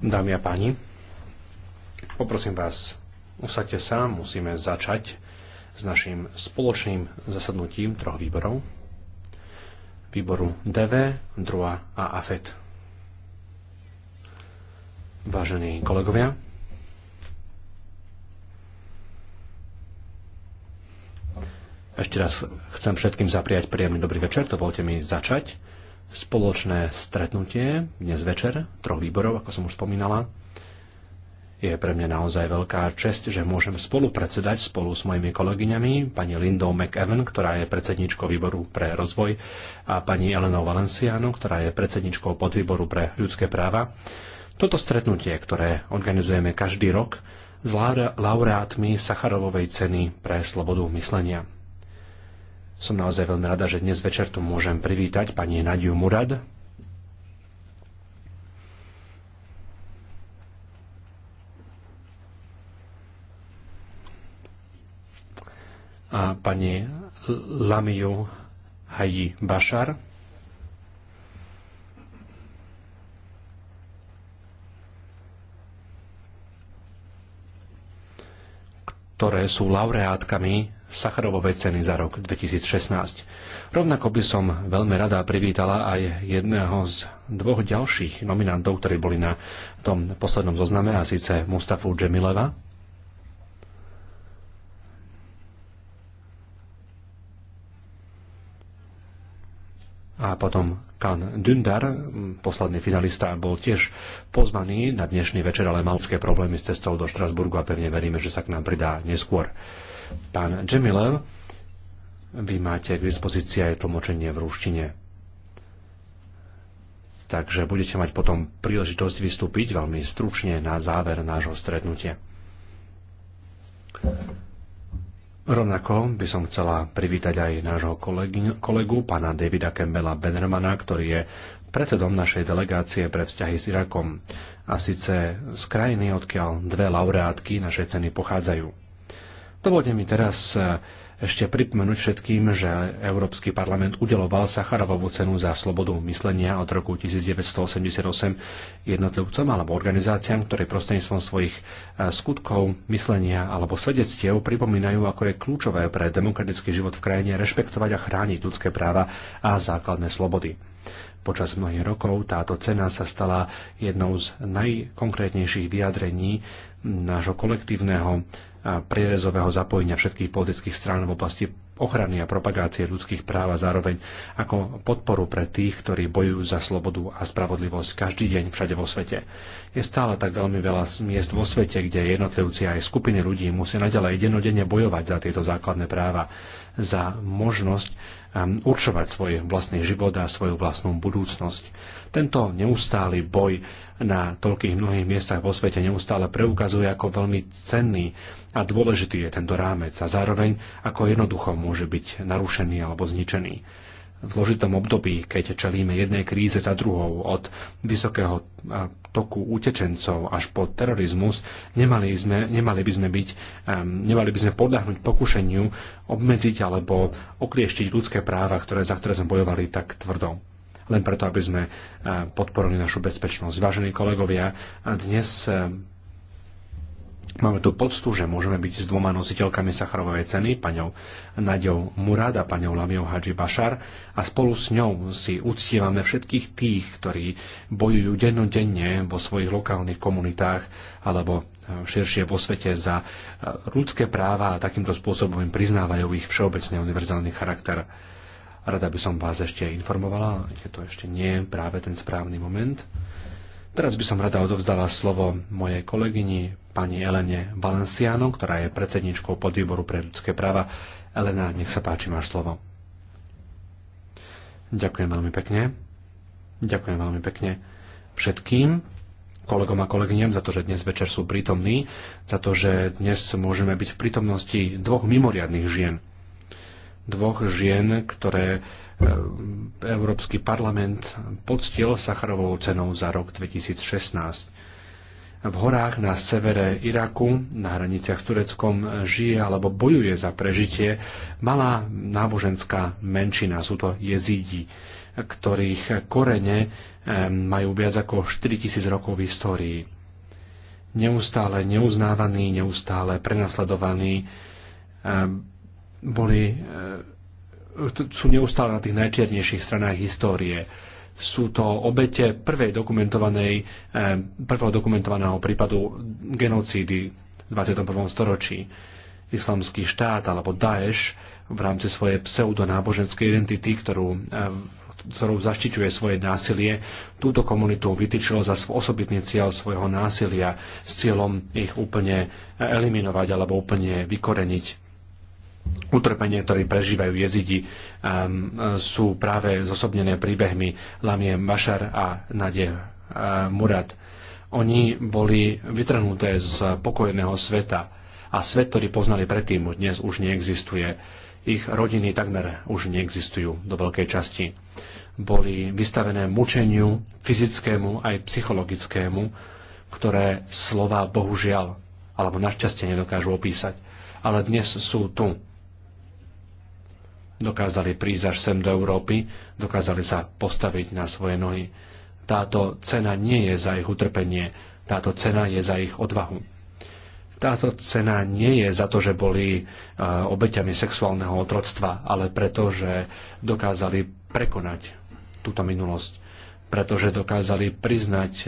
Dámy a páni, poprosím vás, usadte sa, musíme začať s našim spoločným zasadnutím troch výborov. Výboru DV, DRUA a AFET. Vážení kolegovia, Ešte raz chcem všetkým zapriať príjemný dobrý večer. Dovolte mi začať spoločné stretnutie dnes večer troch výborov, ako som už spomínala. Je pre mňa naozaj veľká čest, že môžem spolupredsedať spolu s mojimi kolegyňami, pani Lindou McEwen, ktorá je predsedničkou výboru pre rozvoj, a pani Elenou Valenciano, ktorá je predsedničkou podvýboru pre ľudské práva. Toto stretnutie, ktoré organizujeme každý rok, s laureátmi Sacharovovej ceny pre slobodu myslenia. Som naozaj veľmi rada, že dnes večer tu môžem privítať pani Nadiu Murad, a pani Lamiu Haji Bašar. ktoré sú laureátkami Sacharovovej ceny za rok 2016. Rovnako by som veľmi rada privítala aj jedného z dvoch ďalších nominantov, ktorí boli na tom poslednom zozname, a síce Mustafu Džemileva, a potom Kan Dündar, posledný finalista, bol tiež pozvaný na dnešný večer, ale malské problémy s cestou do Štrasburgu a pevne veríme, že sa k nám pridá neskôr. Pán Džemilev, vy máte k dispozícii aj tlmočenie v rúštine. Takže budete mať potom príležitosť vystúpiť veľmi stručne na záver nášho stretnutia. Rovnako by som chcela privítať aj nášho kolegu, kolegu pána Davida Campbella Benermana, ktorý je predsedom našej delegácie pre vzťahy s Irakom a síce z krajiny, odkiaľ dve laureátky našej ceny pochádzajú. Dovolte mi teraz e, ešte pripomenúť všetkým, že Európsky parlament udeloval Sacharovovú cenu za slobodu myslenia od roku 1988 jednotlivcom alebo organizáciám, ktoré prostredníctvom svojich e, skutkov, myslenia alebo svedectiev pripomínajú, ako je kľúčové pre demokratický život v krajine rešpektovať a chrániť ľudské práva a základné slobody. Počas mnohých rokov táto cena sa stala jednou z najkonkrétnejších vyjadrení nášho kolektívneho a prierezového zapojenia všetkých politických strán v oblasti ochrany a propagácie ľudských práv a zároveň ako podporu pre tých, ktorí bojujú za slobodu a spravodlivosť každý deň všade vo svete. Je stále tak veľmi veľa miest vo svete, kde jednotlivci aj skupiny ľudí musia naďalej denodenne bojovať za tieto základné práva, za možnosť um, určovať svoj vlastný život a svoju vlastnú budúcnosť. Tento neustály boj na toľkých mnohých miestach vo svete neustále preukazuje, ako veľmi cenný a dôležitý je tento rámec a zároveň ako jednoducho môže byť narušený alebo zničený v zložitom období, keď čelíme jednej kríze za druhou, od vysokého e, toku utečencov až po terorizmus, nemali, sme, nemali by sme byť, nemali by sme podľahnuť pokušeniu obmedziť alebo oklieštiť ľudské práva, ktoré, za ktoré sme bojovali tak tvrdo len preto, aby sme e, podporili našu bezpečnosť. Vážení kolegovia, dnes e, Máme tu poctu, že môžeme byť s dvoma nositeľkami Sacharovej ceny, paňou Nadejou Murad a paňou Lamiou Hadži Bašar a spolu s ňou si uctívame všetkých tých, ktorí bojujú dennodenne vo svojich lokálnych komunitách alebo e, širšie vo svete za ľudské práva a takýmto spôsobom im priznávajú ich všeobecne univerzálny charakter. Rada by som vás ešte informovala, keď to ešte nie je práve ten správny moment. Teraz by som rada odovzdala slovo mojej kolegyni, pani Elene Valenciano, ktorá je predsedničkou podvýboru pre ľudské práva. Elena, nech sa páči, máš slovo. Ďakujem veľmi pekne. Ďakujem veľmi pekne všetkým kolegom a kolegyňam za to, že dnes večer sú prítomní, za to, že dnes môžeme byť v prítomnosti dvoch mimoriadných žien dvoch žien, ktoré e, Európsky parlament poctil Sacharovou cenou za rok 2016. V horách na severe Iraku, na hraniciach s Tureckom, žije alebo bojuje za prežitie malá náboženská menšina, sú to jezidi, ktorých korene e, majú viac ako 4000 rokov v histórii. Neustále neuznávaní, neustále prenasledovaní, e, boli, e, sú neustále na tých najčiernejších stranách histórie. Sú to obete prvej dokumentovanej, e, prvého dokumentovaného prípadu genocídy v 21. storočí. Islamský štát alebo Daesh v rámci svojej pseudonáboženskej identity, ktorú e, ktorou zaštiťuje svoje násilie, túto komunitu vytýčilo za osobitný cieľ svojho násilia s cieľom ich úplne eliminovať alebo úplne vykoreniť utrpenie, ktoré prežívajú jezidi, um, sú práve zosobnené príbehmi Lamie Mašar a Nadie uh, Murad. Oni boli vytrhnuté z pokojného sveta a svet, ktorý poznali predtým, dnes už neexistuje. Ich rodiny takmer už neexistujú do veľkej časti. Boli vystavené mučeniu, fyzickému aj psychologickému, ktoré slova bohužiaľ alebo našťastie nedokážu opísať. Ale dnes sú tu dokázali prísť až sem do Európy, dokázali sa postaviť na svoje nohy. Táto cena nie je za ich utrpenie, táto cena je za ich odvahu. Táto cena nie je za to, že boli e, obeťami sexuálneho otroctva, ale preto, že dokázali prekonať túto minulosť, pretože dokázali priznať e,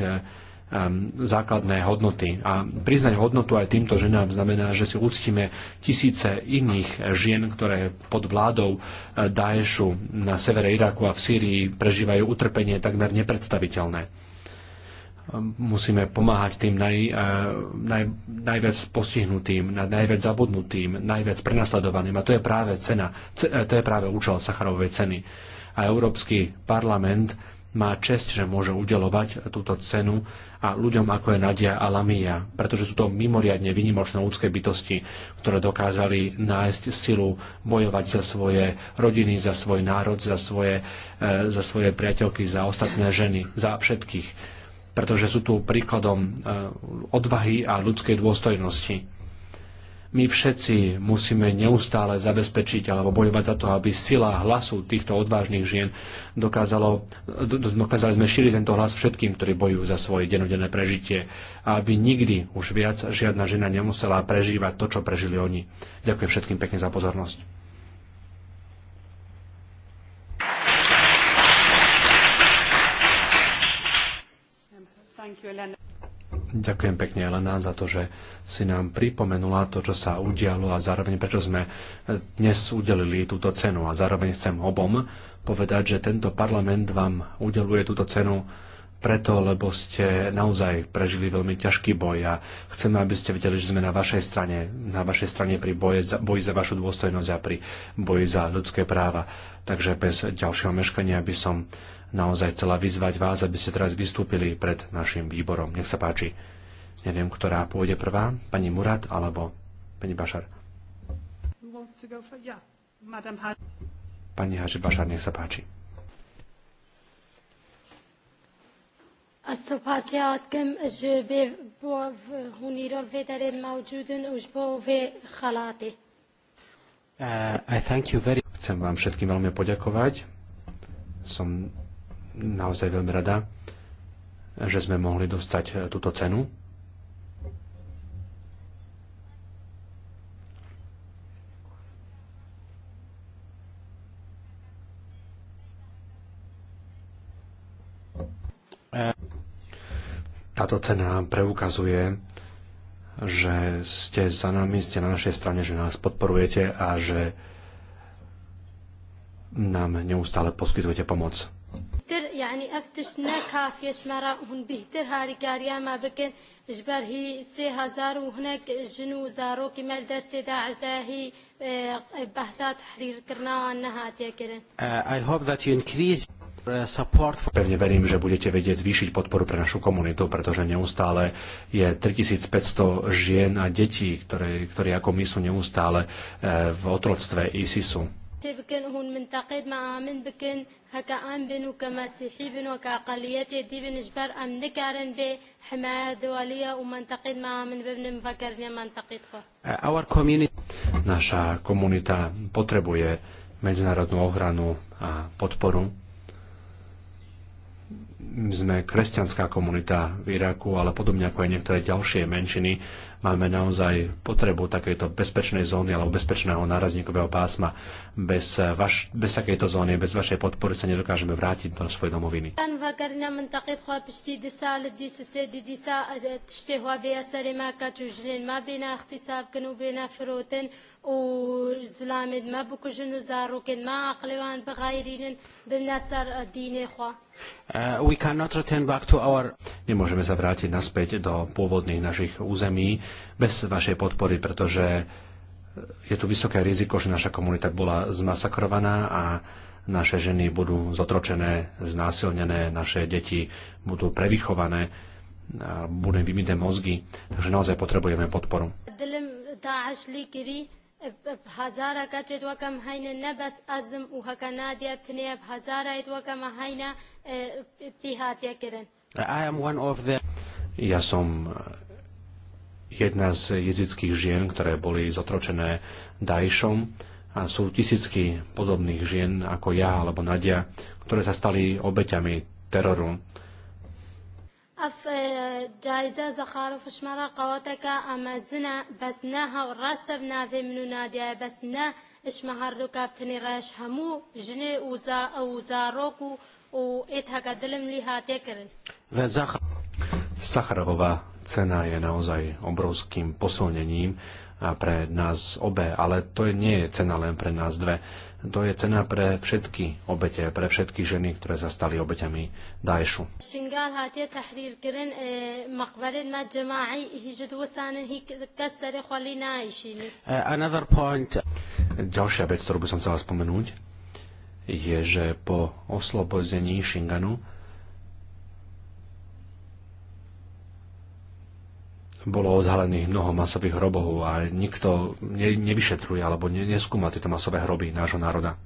základné hodnoty. A priznať hodnotu aj týmto ženám znamená, že si uctíme tisíce iných žien, ktoré pod vládou eh, Daešu na severe Iraku a v Sýrii prežívajú utrpenie takmer nepredstaviteľné musíme pomáhať tým naj, eh, naj, najviac postihnutým, najviac zabudnutým, najviac prenasledovaným. A to je práve cena, eh, to je práve účel Sacharovej ceny. A Európsky parlament má čest, že môže udelovať túto cenu a ľuďom ako je Nadia a Lamia, pretože sú to mimoriadne vynimočné ľudské bytosti, ktoré dokázali nájsť silu bojovať za svoje rodiny, za svoj národ, za svoje, e, za svoje priateľky, za ostatné ženy, za všetkých, pretože sú tu príkladom e, odvahy a ľudskej dôstojnosti my všetci musíme neustále zabezpečiť alebo bojovať za to, aby sila hlasu týchto odvážnych žien dokázalo, dokázali sme šíriť tento hlas všetkým, ktorí bojujú za svoje denodenné prežitie a aby nikdy už viac žiadna žena nemusela prežívať to, čo prežili oni. Ďakujem všetkým pekne za pozornosť. Thank you, Elena. Ďakujem pekne Elena za to, že si nám pripomenula to, čo sa udialo a zároveň prečo sme dnes udelili túto cenu. A zároveň chcem obom povedať, že tento parlament vám udeluje túto cenu preto, lebo ste naozaj prežili veľmi ťažký boj a chceme, aby ste vedeli, že sme na vašej strane, na vašej strane pri boji za, boji za vašu dôstojnosť a pri boji za ľudské práva. Takže bez ďalšieho meškania by som naozaj chcela vyzvať vás, aby ste teraz vystúpili pred našim výborom. Nech sa páči. Neviem, ktorá pôjde prvá, pani Murat alebo pani Bašar. Pani Haži Bašar, nech sa páči. الصبح سيادكم جو بي بوف هونيرال في دارين موجودين وش بو في خلاطي Chcem vám všetkým veľmi poďakovať. Som naozaj veľmi rada, že sme mohli dostať e, túto cenu. Táto cena preukazuje, že ste za nami, ste na našej strane, že nás podporujete a že nám neustále poskytujete pomoc. يعني افتشنا كافيش مرا هن بهتر هاري قاريا ما بكن جبر هي سي هزار وهناك جنو زارو كمال دستي داعش دا هي بهتا تحرير كرنا وانها تيكرن uh, I hope that you increase uh, Pevne verím, že budete vedieť zvýšiť podporu pre našu komunitu, pretože neustále je 3500 žien a detí, ktoré, ktorí ako my sú neustále uh, v otroctve ISISu. تبكن هون منتقد مع من بكن هكا ام بن وكمسيحي بن وكاقليات دي بن جبر ام نكارن بي حماية دولية ومنتقد مع من بن مفكرني منتقد خو uh, Our community Naša komunita potrebuje medzinárodnú ochranu a podporu. Sme kresťanská komunita v Iraku, ale podobne ako aj niektoré ďalšie menšiny, máme naozaj potrebu takejto bezpečnej zóny alebo bezpečného nárazníkového pásma. Bez, vaš, bez takejto zóny, bez vašej podpory sa nedokážeme vrátiť do svojej domoviny. وزلامد ما بكجن زاروكن ما عقلوان بغايرين بمناسر دين خوا Uh, we cannot return back to our... Nemôžeme sa vrátiť naspäť do pôvodných našich území bez vašej podpory, pretože uh, je tu vysoké riziko, že naša komunita bola zmasakrovaná a naše ženy budú zotročené, znásilnené, naše deti budú prevychované, budú im vymité mozgy, takže naozaj potrebujeme podporu. هزارە کاتێت وەکەم هەینە نەبەس ئەزم و هەکە نادیە بتنێ هەزارایت وەکەم هەینە یکرن I am one of the... Ja som jedna z jezických žien, ktoré boli zotročené Dajšom a sú tisícky podobných žien ako ja alebo Nadia, ktoré sa stali obeťami teroru اف جایزه زخار فشمره قواتک اما زنا بس نه ها راست بنا في منو نادیا بس نه اش مهردو کافتنی راش همو جنه اوزا اوزا روکو و ایت هاگا دلم لی هاتی کرن و زخ... Sacharová cena je naozaj obrovským posilnením pre nás obe, ale to nie je cena len pre nás dve to je cena pre všetky obete, pre všetky ženy, ktoré sa stali obeťami Daešu. Eh, eh, Ďalšia vec, ktorú by som chcela spomenúť, je, že po oslobodení Šinganu bolo odhalených mnoho masových hrobov a nikto ne, nevyšetruje alebo ne, neskúma tieto masové hroby nášho národa.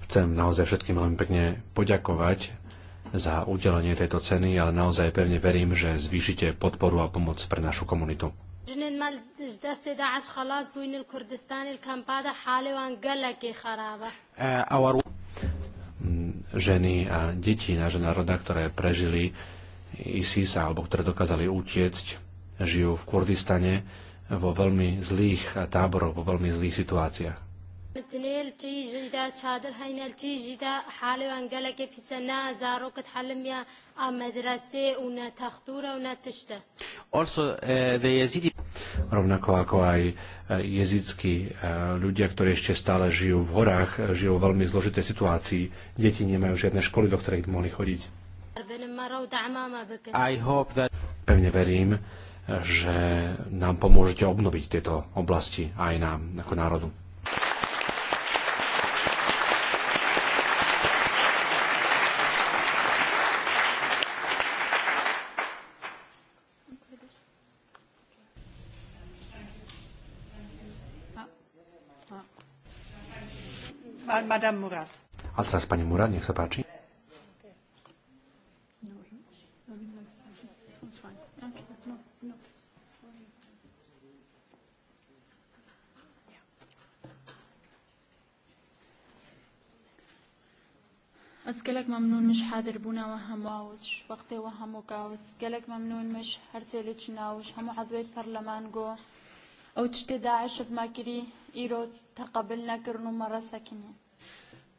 Chcem naozaj všetkým veľmi pekne poďakovať za udelenie tejto ceny, ale naozaj pevne verím, že zvýšite podporu a pomoc pre našu komunitu. جنین مال دست داعش خلاص بوين الكردستان الكامبادا حالي وان قلقي خرابة ženy a deti nášho národa, ktoré prežili ISIS alebo ktoré dokázali utiecť, žijú v Kurdistane vo veľmi zlých táboroch, vo veľmi zlých situáciách. دتنێل چی ژیدا شادر هەینەل چی ژیدا حالێوان گەلەکە پیسە في سنة زاروك ئامەدرەسێ يا مدرسة ونا و ونا تشتە Also, eh, the Yazidi, rovnako ako aj eh, jezidskí eh, ľudia, ktorí ešte stále žijú v horách, žijú v veľmi zložitej situácii. Deti nemajú žiadne školy, do ktorých by mohli chodiť. That... Pevne verím, že nám pomôžete obnoviť tieto oblasti aj nám ako národu. Madame Murat. A teraz pani Murat, nech sa páči. أسكلك ممنون مش حاضر بونا وهم واوش وقتي وهم وكاوس أسكلك ممنون مش هرسلتش ناوش همو عضويت برلمان جو أو تشتي داعش بماكري إيرو تقبلنا كرنو مرة ساكنين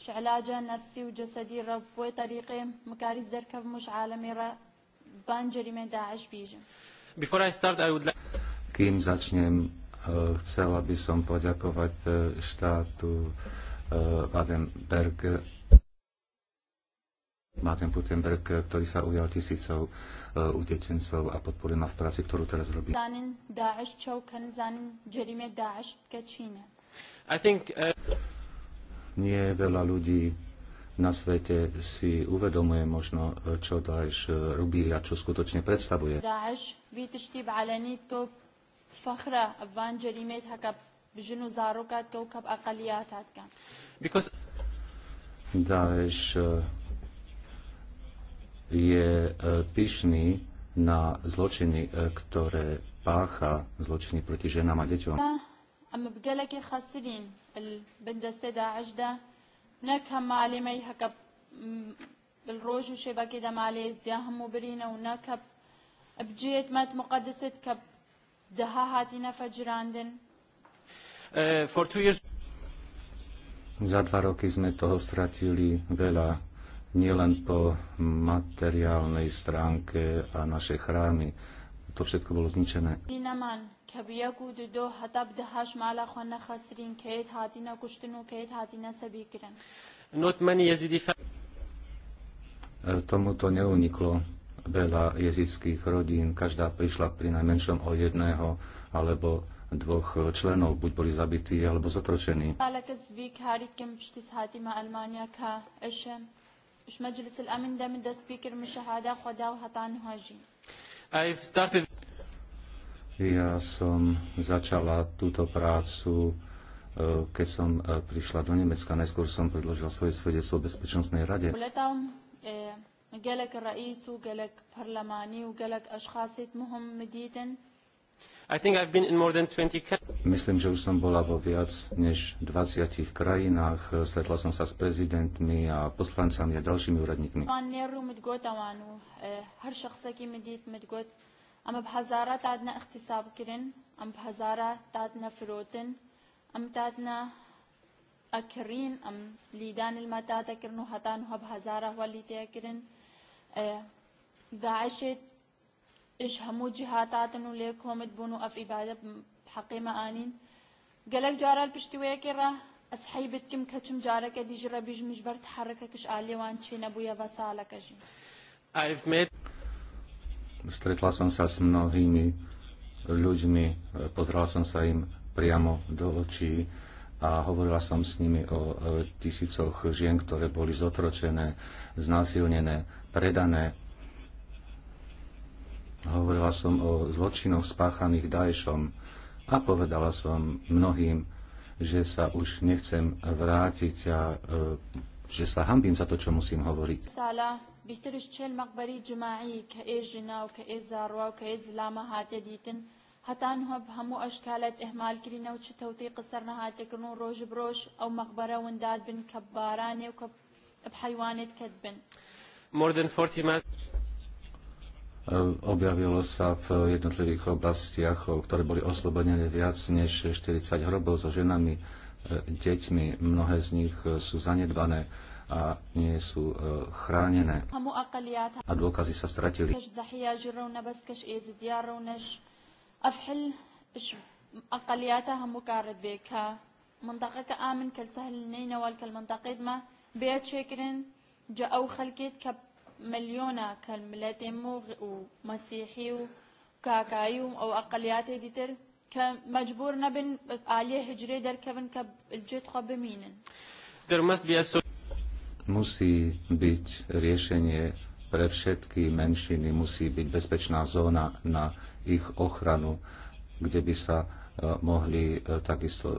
شعلاجة نفسي وجسدي رب وطريقي مكاري الزركب مش عالمي را بانجري من داعش بيجم Before I start, I would like... Kým začnem, chcela by som poďakovať štátu Baden-Berg Martin Putenberg, ktorý sa ujal tisícov uh, utečencov a podporil ma v práci, ktorú teraz robí. I think, uh... Nie veľa ľudí na svete si uvedomuje možno, čo Daesh robí a čo skutočne predstavuje. Daesh eh, je eh, pyšný na zločiny, eh, ktoré pácha zločiny proti ženám a deťom. اما بقلك خاسرين البندسة دا عجدة نك هم معلمي هكا بالروج وشبكة دا معلي ازدياهم مبرينة ونك بجيت مات مقدسة كب دها هاتينا فجراندن for Za dva roky sme toho stratili veľa, nielen po materiálnej stránke a naše chrámy, to všetko bolo zničené. E, Tomuto neuniklo veľa jezidských rodín. Každá prišla pri najmenšom o jedného alebo dvoch členov, buď boli zabití alebo zotročení. مش مجلس الأمن ده من ده سبيكر مش هذا خداه هتان هاجين ja som začala túto prácu, e, keď som e, prišla do Nemecka. Najskôr som predložila svoje svedectvo Bezpečnostnej rade. قالك Myslím, že už som bola vo viac než 20 krajinách. Stretla som sa s prezidentmi a poslancami a ďalšími úradníkmi. إيش همو جهات عاتنو ليك هم تبونو أف إبادة بحقي ما آنين قالك جارا البشتوية كرا أصحي بتكم كتم جارا كدي جرا بيج مجبر تحركك إش آلي وان تشين أبويا بسالك أجي I've met... Stretla som sa s mnohými ľuďmi, pozrela som sa im priamo do očí a hovorila som s nimi o e, tisícoch žien, ktoré boli zotročené, znásilnené, predané Hovorila som o zločinoch spáchaných Daešom a povedala som mnohým, že sa už nechcem vrátiť a e, že sa hambím za to, čo musím hovoriť. More than 40 Objavilo sa v jednotlivých oblastiach, ktoré boli oslobodené viac než 40 hrobov so ženami, e, deťmi. Mnohé z nich e, sú zanedbané a nie sú e, chránené. A dôkazy sa stratili. أقلياتها مكارد بيكها منطقة كآمن كالسهل النينة ما بيت شكرن جاءوا خلقيت كب مليونة كالملاتم ومسيحي وكاكاي أو أقليات ديتر كان مجبور نبن عليه هجري در كبن كب الجيت قب مينن Musí byť riešenie pre všetky menšiny, musí byť bezpečná zóna na ich ochranu, kde by sa eh, mohli eh, takisto eh,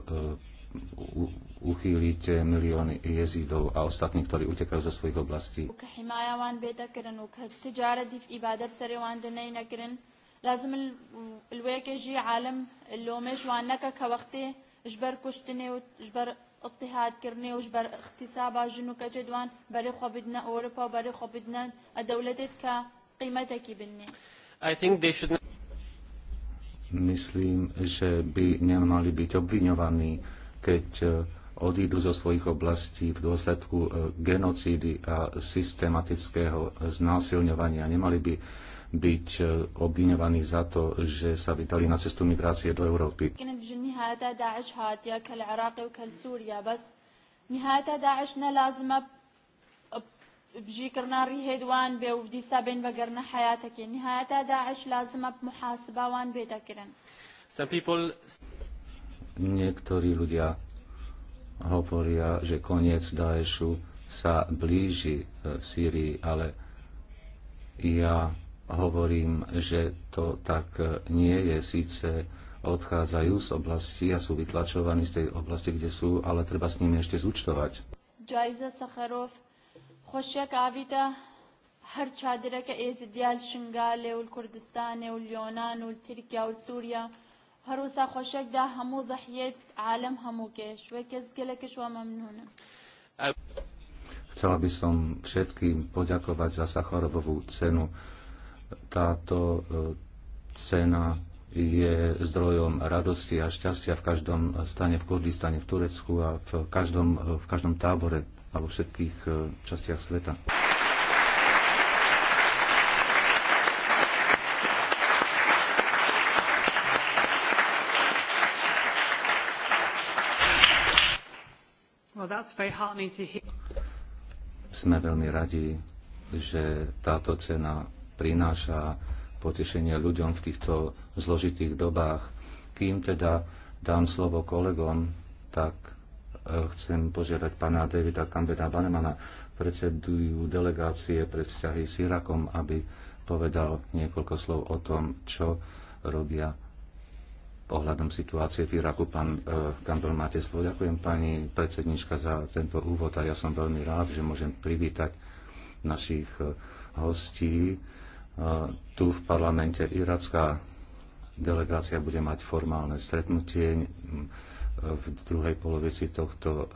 uchýliť milióny jezidov a ostatní, ktorí utekajú zo svojich oblastí. لازم الويك يجي عالم اللومش وانك كوقتي جبر كشتني وجبر اضطهاد كرني وجبر اختسابا جنو كجدوان بري خو بدنا اوروبا بري خو بدنا دولتك قيمتك بني I think they should Myslím, že by nemali byť obviňovaní, keď odídu zo svojich oblastí v dôsledku e, genocídy a systematického znásilňovania. Nemali by byť e, obviňovaní za to, že sa vydali na cestu migrácie do Európy. Niektorí ľudia hovoria, že koniec Daešu sa blíži e, v Sýrii, ale ja hovorím, že to tak e, nie je. Síce odchádzajú z oblasti a sú vytlačovaní z tej oblasti, kde sú, ale treba s nimi ešte zúčtovať. هر هروسا خوشك دا همو ضحية عالم همو كيش وكز كلكش وممنونة Chcela by som všetkým poďakovať za Sacharovovú cenu. Táto e, cena je zdrojom radosti a šťastia v každom stane v Kurdistane, v Turecku a v každom, e, v každom tábore alebo všetkých e, častiach sveta. Sme veľmi radi, že táto cena prináša potešenie ľuďom v týchto zložitých dobách. Kým teda dám slovo kolegom, tak e, chcem požiadať pána Davida Kambeda Banemana, predsedujú delegácie pre vzťahy s Irakom, aby povedal niekoľko slov o tom, čo robia ohľadom situácie v Iraku. Pán Campbell, e, máte slovo. Ďakujem pani predsednička za tento úvod a ja som veľmi rád, že môžem privítať našich e, hostí e, tu v parlamente. Iracká delegácia bude mať formálne stretnutie v druhej polovici tohto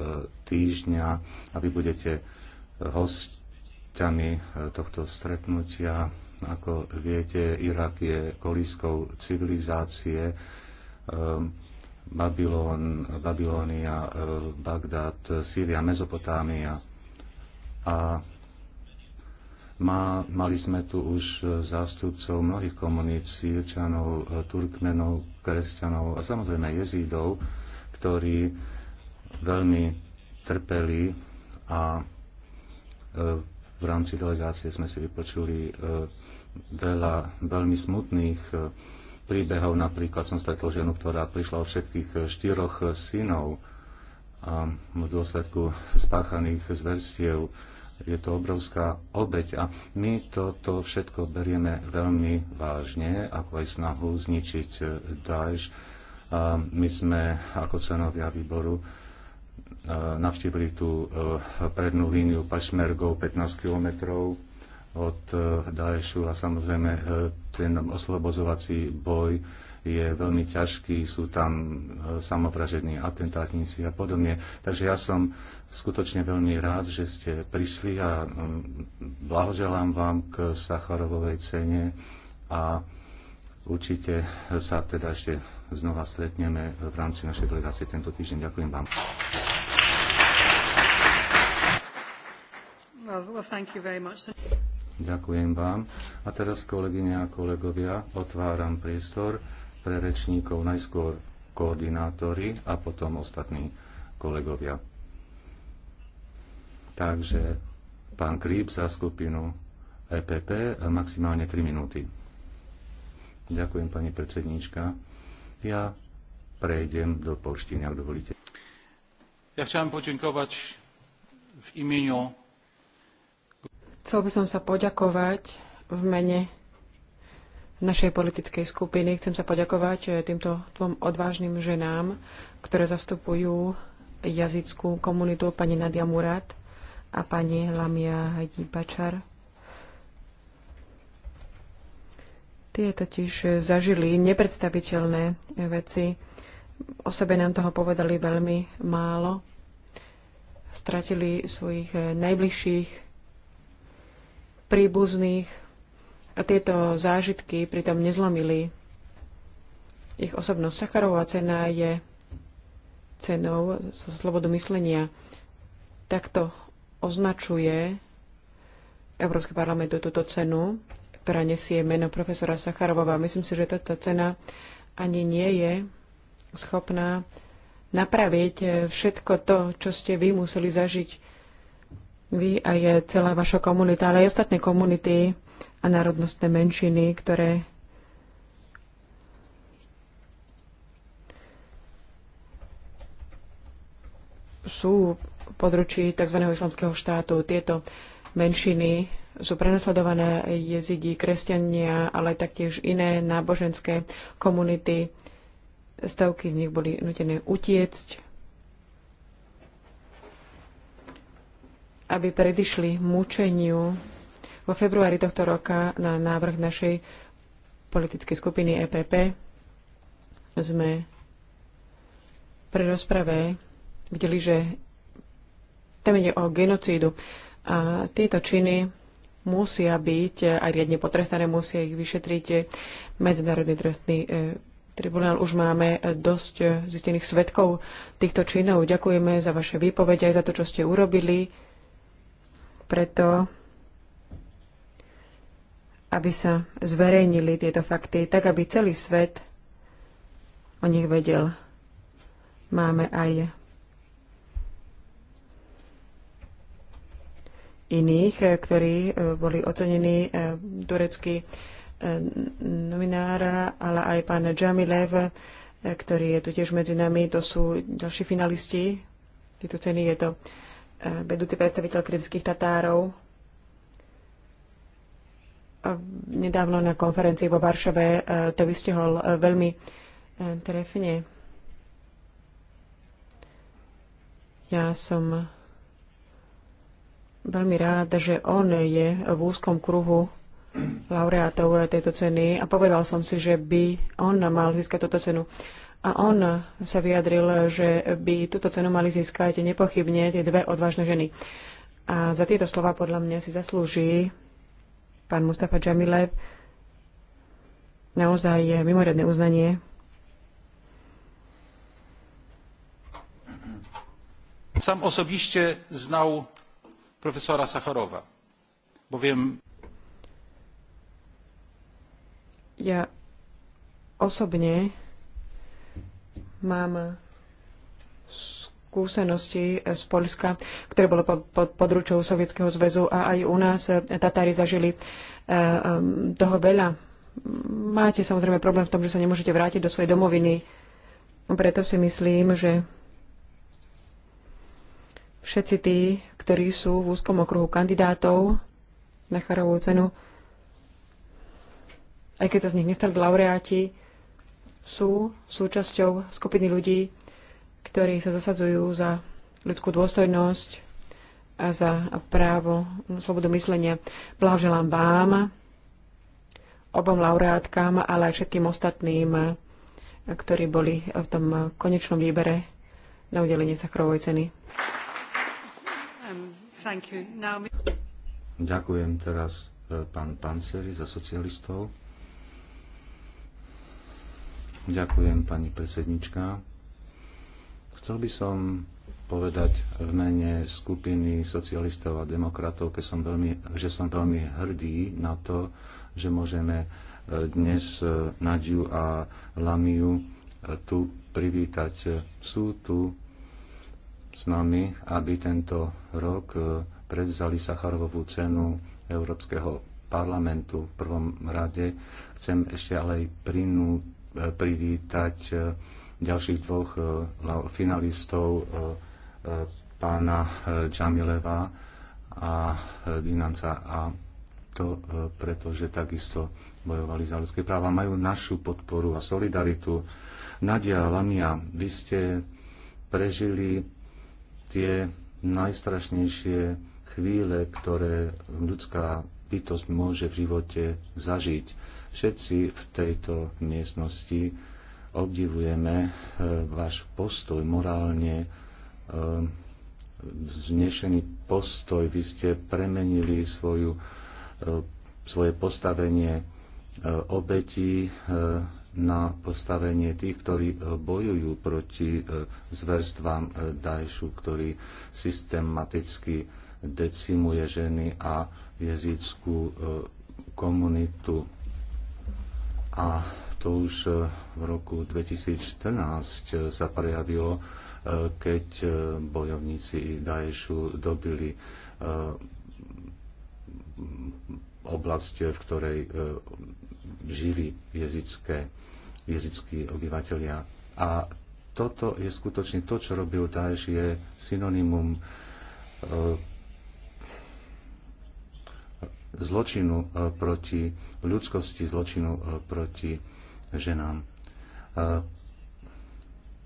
týždňa a vy budete hostiami tohto stretnutia ako viete, Irak je kolískou civilizácie Ehm, Babylon, Babylonia, ehm, Bagdad, Sýria, Mezopotámia. A má, mali sme tu už e, zástupcov mnohých komunít, Sýrčanov, e, Turkmenov, kresťanov a samozrejme jezídov, ktorí veľmi trpeli a e, v rámci delegácie sme si vypočuli veľa veľmi smutných príbehov. Napríklad som stretol ženu, ktorá prišla o všetkých eh, štyroch eh, synov a v dôsledku spáchaných zverstiev. Je to obrovská obeď a my toto všetko berieme veľmi vážne, ako aj snahu zničiť eh, Daesh. A my sme ako členovia výboru navštívili tú prednú líniu Pašmergov 15 kilometrov od e, Daešu a samozrejme e, ten oslobozovací boj je veľmi ťažký, sú tam e, samovražední atentátníci a podobne. Takže ja som skutočne veľmi rád, že ste prišli a blahoželám vám k Sacharovovej cene a určite sa teda ešte znova stretneme v rámci našej delegácie tento týždeň. Ďakujem vám. Well, well, thank you very much. Ďakujem vám. A teraz, kolegyne a kolegovia, otváram priestor pre rečníkov najskôr koordinátori a potom ostatní kolegovia. Takže pán Kríp za skupinu EPP maximálne 3 minúty. Ďakujem, pani predsedníčka. Ja prejdem do polštiny, ak dovolíte. Ja chcem podziękować v imeniu Chcel by som sa poďakovať v mene našej politickej skupiny. Chcem sa poďakovať eh, týmto dvom odvážnym ženám, ktoré zastupujú jazyckú komunitu pani Nadia Murat a pani Lamia Hadí Bačar. Tie totiž zažili nepredstaviteľné veci. O sebe nám toho povedali veľmi málo. Stratili svojich najbližších, príbuzných a tieto zážitky pritom nezlomili ich osobnosť. Sacharová cena je cenou za slobodu myslenia. Takto označuje Európsky parlament túto cenu, ktorá nesie meno profesora Sacharovova. Myslím si, že táto cena ani nie je schopná napraviť všetko to, čo ste vy museli zažiť vy a je celá vaša komunita, ale aj ostatné komunity a národnostné menšiny, ktoré sú v područí tzv. islamského štátu. Tieto menšiny sú prenasledované jezidi, kresťania, ale taktiež iné náboženské komunity. Stavky z nich boli nutené utiecť aby predišli mučeniu. Vo februári tohto roka na návrh našej politickej skupiny EPP sme pri rozprave videli, že tam ide o genocídu. A tieto činy musia byť aj riadne potrestané, musia ich vyšetriť Medzinárodný trestný e, tribunál. Už máme dosť zistených svetkov týchto činov. Ďakujeme za vaše výpovede aj za to, čo ste urobili preto, aby sa zverejnili tieto fakty, tak aby celý svet o nich vedel. Máme aj iných, eh, ktorí eh, boli ocenení eh, turecký novinára, ale aj pán Džamilev, ktorý je tu tiež medzi nami. To sú ďalší finalisti. Tieto ceny je to E, vedúci predstaviteľ krymských Tatárov, e, nedávno na konferencii vo Varšave e, to vystihol veľmi trefne. Ja som veľmi rád, že on je v úzkom kruhu laureátov tejto ceny a povedal som si, že by on mal získať túto cenu. A on sa vyjadril, že by túto cenu mali získať nepochybne tie dve odvážne ženy. A za tieto slova podľa mňa si zaslúži pán Mustafa Džamilev naozaj je mimoriadne uznanie. Sam osobiste znal profesora bo viem... Ja osobne Mám skúsenosti eh, z Polska, ktoré bolo pod, područou Sovietskeho zväzu a aj u nás eh, Tatári zažili eh, toho veľa. Máte samozrejme problém v tom, že sa nemôžete vrátiť do svojej domoviny. Preto si myslím, že všetci tí, ktorí sú v úzkom okruhu kandidátov na Charovú cenu, aj keď sa z nich nestali laureáti, sú súčasťou skupiny ľudí, ktorí sa zasadzujú za ľudskú dôstojnosť a za právo slobodu myslenia. Blahoželám vám, obom laureátkam, ale aj všetkým ostatným, ktorí boli v tom konečnom výbere na udelenie Sacharovej ceny. Ďakujem teraz e, pán Panceri za socialistov. Ďakujem, pani predsednička. Chcel by som povedať v mene skupiny socialistov a demokratov, ke som veľmi, že som veľmi hrdý na to, že môžeme e, dnes e, Nadiu a Lamiu e, tu privítať. Sú tu s nami, aby tento rok prevzali Sacharovú cenu Európskeho parlamentu v prvom rade. Chcem ešte ale aj prinúť privítať eh, ďalších dvoch eh, finalistov eh, pána Džamileva a Dinanca a to pretože takisto bojovali za ľudské práva, majú našu podporu a solidaritu. Nadia Lamia, vy ste prežili tie najstrašnejšie chvíle, ktoré ľudská bytosť môže v živote zažiť. Všetci v tejto miestnosti obdivujeme e, váš postoj morálne, e, vznešený postoj. Vy ste premenili svoju, e, svoje postavenie obetí na postavenie tých, ktorí bojujú proti zverstvám Dajšu, ktorý systematicky decimuje ženy a jezickú komunitu. A to už e, v roku 2014 e, sa prejavilo, e, keď bojovníci Daješu dobili oblasť, v ktorej žili jezické, jezickí obyvateľia. A toto je skutočne to, čo robil Daesh, je synonymum zločinu e, proti ľudskosti, zločinu e, proti ženám. E,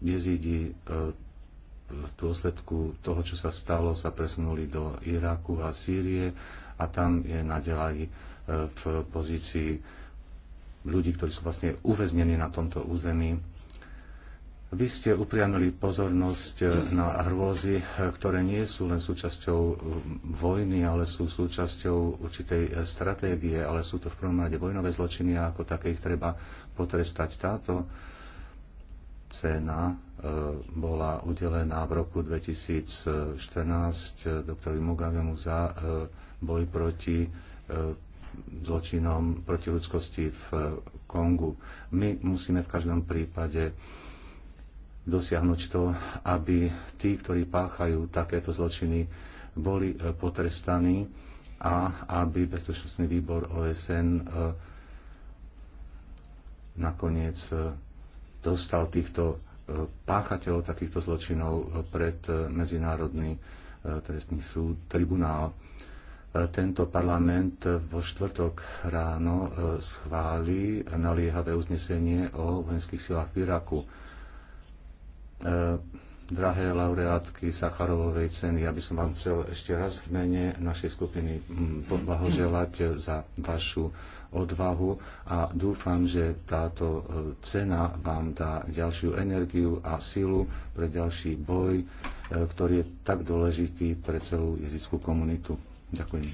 jezidi v dôsledku toho, čo sa stalo, sa presunuli do Iraku a Sýrie a tam je naďalej v pozícii ľudí, ktorí sú vlastne uväznení na tomto území vy ste upriamili pozornosť e, na hrôzy, e, ktoré nie sú len súčasťou e, vojny, ale sú súčasťou určitej stratégie, ale sú to v prvom rade vojnové zločiny a ako také ich treba potrestať. Táto cena bola udelená v roku 2014 doktorovi Mugavemu za boj proti zločinom proti ľudskosti v Kongu. My musíme v každom prípade dosiahnuť to, aby tí, ktorí páchajú takéto zločiny, boli e, potrestaní a aby Bezpečnostný výbor OSN e, nakoniec e, dostal týchto páchateľov takýchto zločinov pred Medzinárodný trestný súd, tribunál. Tento parlament vo štvrtok ráno schváli naliehavé uznesenie o vojenských silách v Iraku Eh, drahé laureátky Sacharovovej ceny. Ja by som vám chcel ešte raz v mene našej skupiny mm, poblahoželať za vašu odvahu a dúfam, že táto eh, cena vám dá ďalšiu energiu a silu pre ďalší boj, eh, ktorý je tak dôležitý pre celú jezickú komunitu. Ďakujem.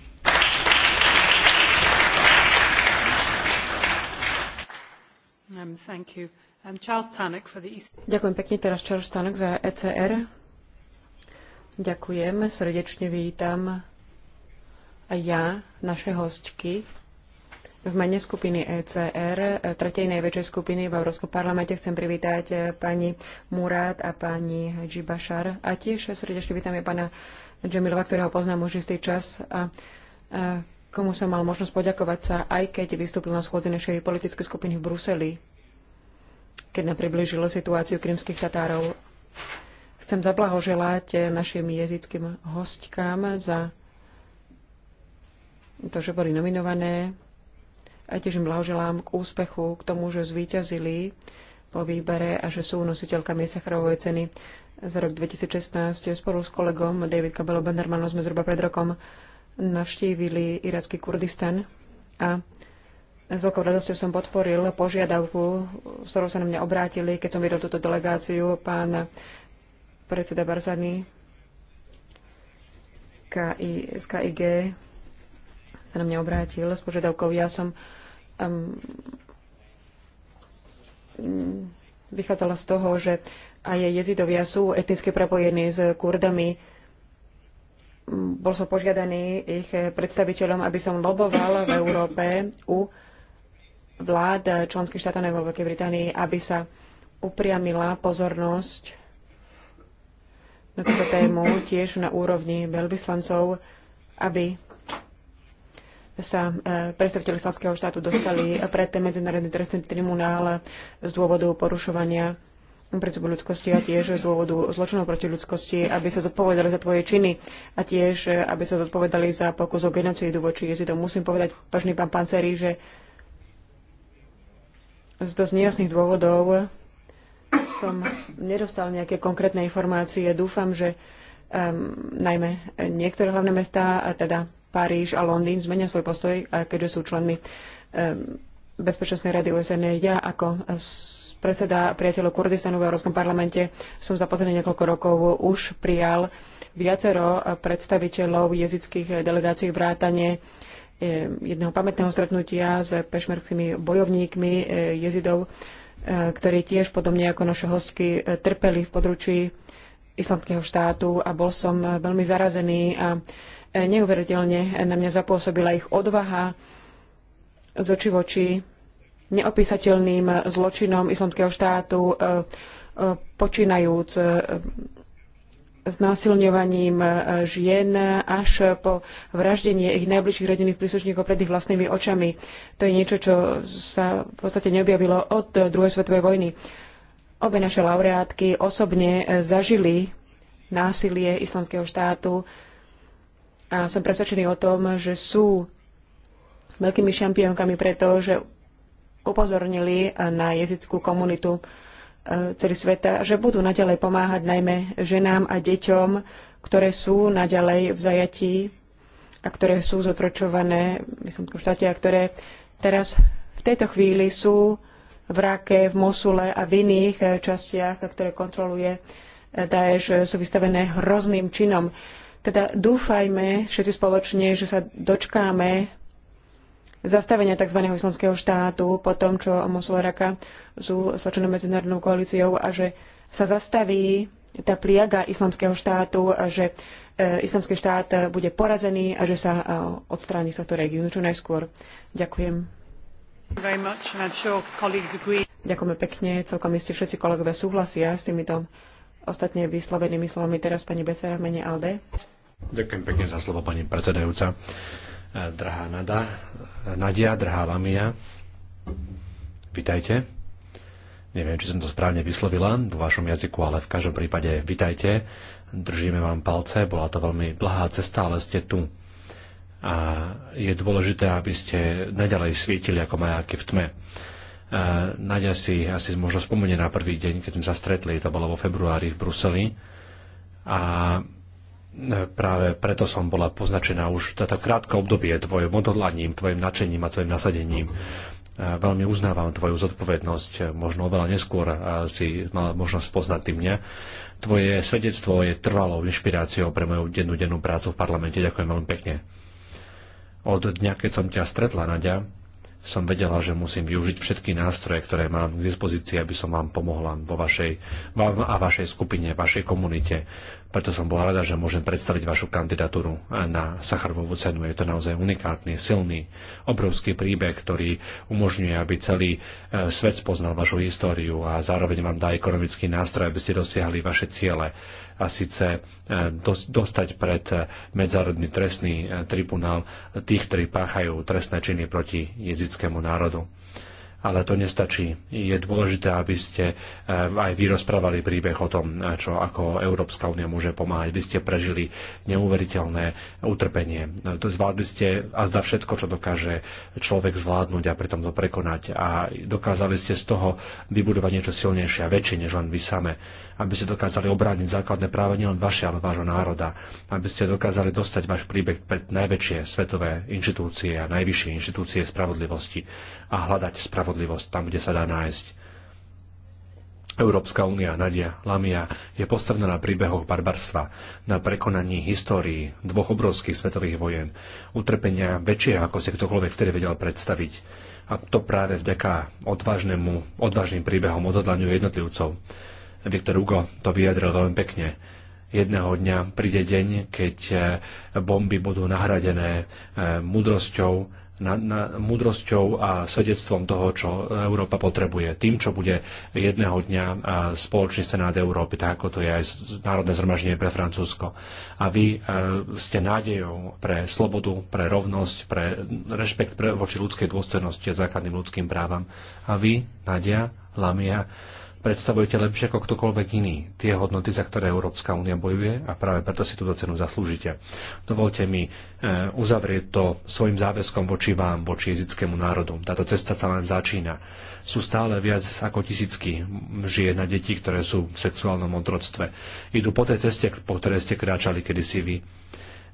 Um, thank you. Ďakujem pekne, teraz Charles Tanek za ECR. Ďakujem, srdečne vítam a ja, naše hostky, v mene skupiny ECR, tretej najväčšej skupiny v Európskom parlamente, chcem privítať eh, pani Murát a pani Džibašar. A tiež srdečne aj pána Džemilova, ktorého poznám už istý čas a, eh, komu som mal možnosť poďakovať sa, aj keď vystúpil na schôdze našej politickej skupiny v Bruseli keď nám približilo situáciu krymských Tatárov. Chcem zablahoželať eh, našim jezickým hostkám za to, že boli nominované a tiež im blahoželám k úspechu, k tomu, že zvíťazili po výbere a že sú nositeľkami Sacharovej ceny za rok 2016. Spolu s kolegom David Kabelo Bendermanom sme zhruba pred rokom navštívili iracký Kurdistan a s veľkou radosťou som podporil požiadavku, s ktorou sa na mňa obrátili, keď som vedol túto delegáciu, pán predseda Barzany KI, z KIG sa na mňa obrátil s požiadavkou. Ja som um, vychádzala z toho, že aj jezidovia sú etnicky prepojení s kurdami. Bol som požiadaný ich predstaviteľom, aby som loboval v Európe u vlád členských štátov vo Veľkej Británii, aby sa upriamila pozornosť na túto tému tiež na úrovni veľvyslancov, aby sa e, predstaviteľi slavského štátu dostali pred ten medzinárodný trestný tribunál z dôvodu porušovania princípu ľudskosti a tiež z dôvodu zločinov proti ľudskosti, aby sa zodpovedali za tvoje činy a tiež, e, aby sa zodpovedali za pokus o genocídu voči jezidom. Musím povedať, vážny pán Panceri, že z dosť nejasných dôvodov som nedostal nejaké konkrétne informácie. Dúfam, že um, najmä niektoré hlavné mestá, a teda Paríž a Londýn, zmenia svoj postoj, keďže sú členmi um, Bezpečnostnej rady OSN. Ja ako predseda priateľov Kurdistanu v Európskom parlamente som za posledné niekoľko rokov už prijal viacero eh, predstaviteľov jezických delegácií vrátane E, jedného pamätného stretnutia s pešmerkými bojovníkmi e, jezidov, e, ktorí tiež podobne ako naše hostky trpeli v područí islamského štátu a bol som veľmi zarazený a neuveriteľne na mňa zapôsobila ich odvaha z oči voči neopísateľným zločinom islamského štátu, počínajúc znásilňovaním e, žien až po vraždenie ich najbližších rodinných príslušníkov pred ich vlastnými očami. To je niečo, čo sa v podstate neobjavilo od druhej svetovej vojny. Obe naše laureátky osobne e, zažili násilie islamského štátu a som presvedčený o tom, že sú veľkými šampiónkami preto, že upozornili na jezickú komunitu celý svet, že budú naďalej pomáhať najmä ženám a deťom, ktoré sú naďalej v zajatí a ktoré sú zotročované v štáte a ktoré teraz v tejto chvíli sú v Rake, v Mosule a v iných eh, častiach, ktoré kontroluje eh, Daesh, eh, sú vystavené hrozným činom. Teda dúfajme všetci spoločne, že sa dočkáme zastavenia tzv. islamského štátu po tom, čo Mosul Raka sú stlačenou medzinárodnou koalíciou a že sa zastaví tá pliaga islamského štátu, a že e, islamský štát bude porazený a že sa e, odstráni z tohto regiónu čo najskôr. Ďakujem. Ďakujeme pekne, celkom iste všetci kolegovia súhlasia s týmito ostatne vyslovenými slovami teraz pani Becera mene Alde. Ďakujem pekne za slovo, pani predsedajúca drahá Nada, Nadia, drahá Lamia. Vitajte. Neviem, či som to správne vyslovila v vašom jazyku, ale v každom prípade vitajte. Držíme vám palce, bola to veľmi dlhá cesta, ale ste tu. A je dôležité, aby ste naďalej svietili ako majáky v tme. Nadia si asi možno spomenie na prvý deň, keď sme sa stretli, to bolo vo februári v Bruseli. A E, práve preto som bola poznačená už toto krátke obdobie tvojim odhodlaním, tvojim nadšením a tvojim nasadením. E, veľmi uznávam tvoju zodpovednosť, e, možno oveľa neskôr si mala možnosť poznať ty mňa. Tvoje svedectvo je trvalou inšpiráciou pre moju dennú dennú prácu v parlamente. Ďakujem veľmi pekne. Od dňa, keď som ťa stretla, Nadia, som vedela, že musím využiť všetky nástroje, ktoré mám k dispozícii, aby som vám pomohla vo vašej, vám a vašej skupine, vašej komunite, preto som bola rada, že môžem predstaviť vašu kandidatúru na Sacharovú cenu. Je to naozaj unikátny, silný, obrovský príbeh, ktorý umožňuje, aby celý e, svet spoznal vašu históriu a zároveň vám dá ekonomický nástroj, aby ste dosiahli vaše ciele. A síce e, dostať pred e, Medzárodný trestný tribunál tých, ktorí páchajú trestné činy proti jezickému národu ale to nestačí. Je dôležité, aby ste eh, aj vy rozprávali príbeh o tom, eh, čo ako Európska únia môže pomáhať. Vy ste prežili neuveriteľné utrpenie. Eh, to zvládli ste a zdá všetko, čo dokáže človek zvládnuť a pritom to prekonať. A dokázali ste z toho vybudovať niečo silnejšie a väčšie, než len vy same aby ste dokázali obrániť základné práva nielen vaše, ale vášho národa, aby ste dokázali dostať váš príbeh pred najväčšie svetové inštitúcie a najvyššie inštitúcie spravodlivosti a hľadať spravodlivosť tam, kde sa dá nájsť. Európska únia, Nadia Lamia, je postavená na príbehoch barbarstva, na prekonaní histórií dvoch obrovských svetových vojen, utrpenia väčšieho, ako si ktokoľvek vtedy vedel predstaviť. A to práve vďaka odvážnemu, odvážnym príbehom odhodlaniu jednotlivcov. Viktor Hugo to vyjadril veľmi pekne jedného dňa príde deň, keď e, bomby budú nahradené e, múdrosťou, na, na, múdrosťou a svedectvom toho, čo Európa potrebuje. Tým, čo bude jedného dňa e, spoločný senát Európy, tak ako to je aj Národné zhromaždenie pre Francúzsko. A vy ste nádejou pre slobodu, pre rovnosť, pre rešpekt pre, voči ľudskej dôstojnosti a základným ľudským právam. A vy, Nadia, Lamia, predstavujete lepšie ako ktokoľvek iný tie hodnoty, za ktoré Európska únia bojuje a práve preto si túto cenu zaslúžite. Dovolte mi e, uzavrieť to svojim záväzkom voči vám, voči jezickému národu. Táto cesta sa len začína. Sú stále viac ako tisícky žije na detí, ktoré sú v sexuálnom otroctve. Idú po tej ceste, po ktorej ste kráčali kedysi vy.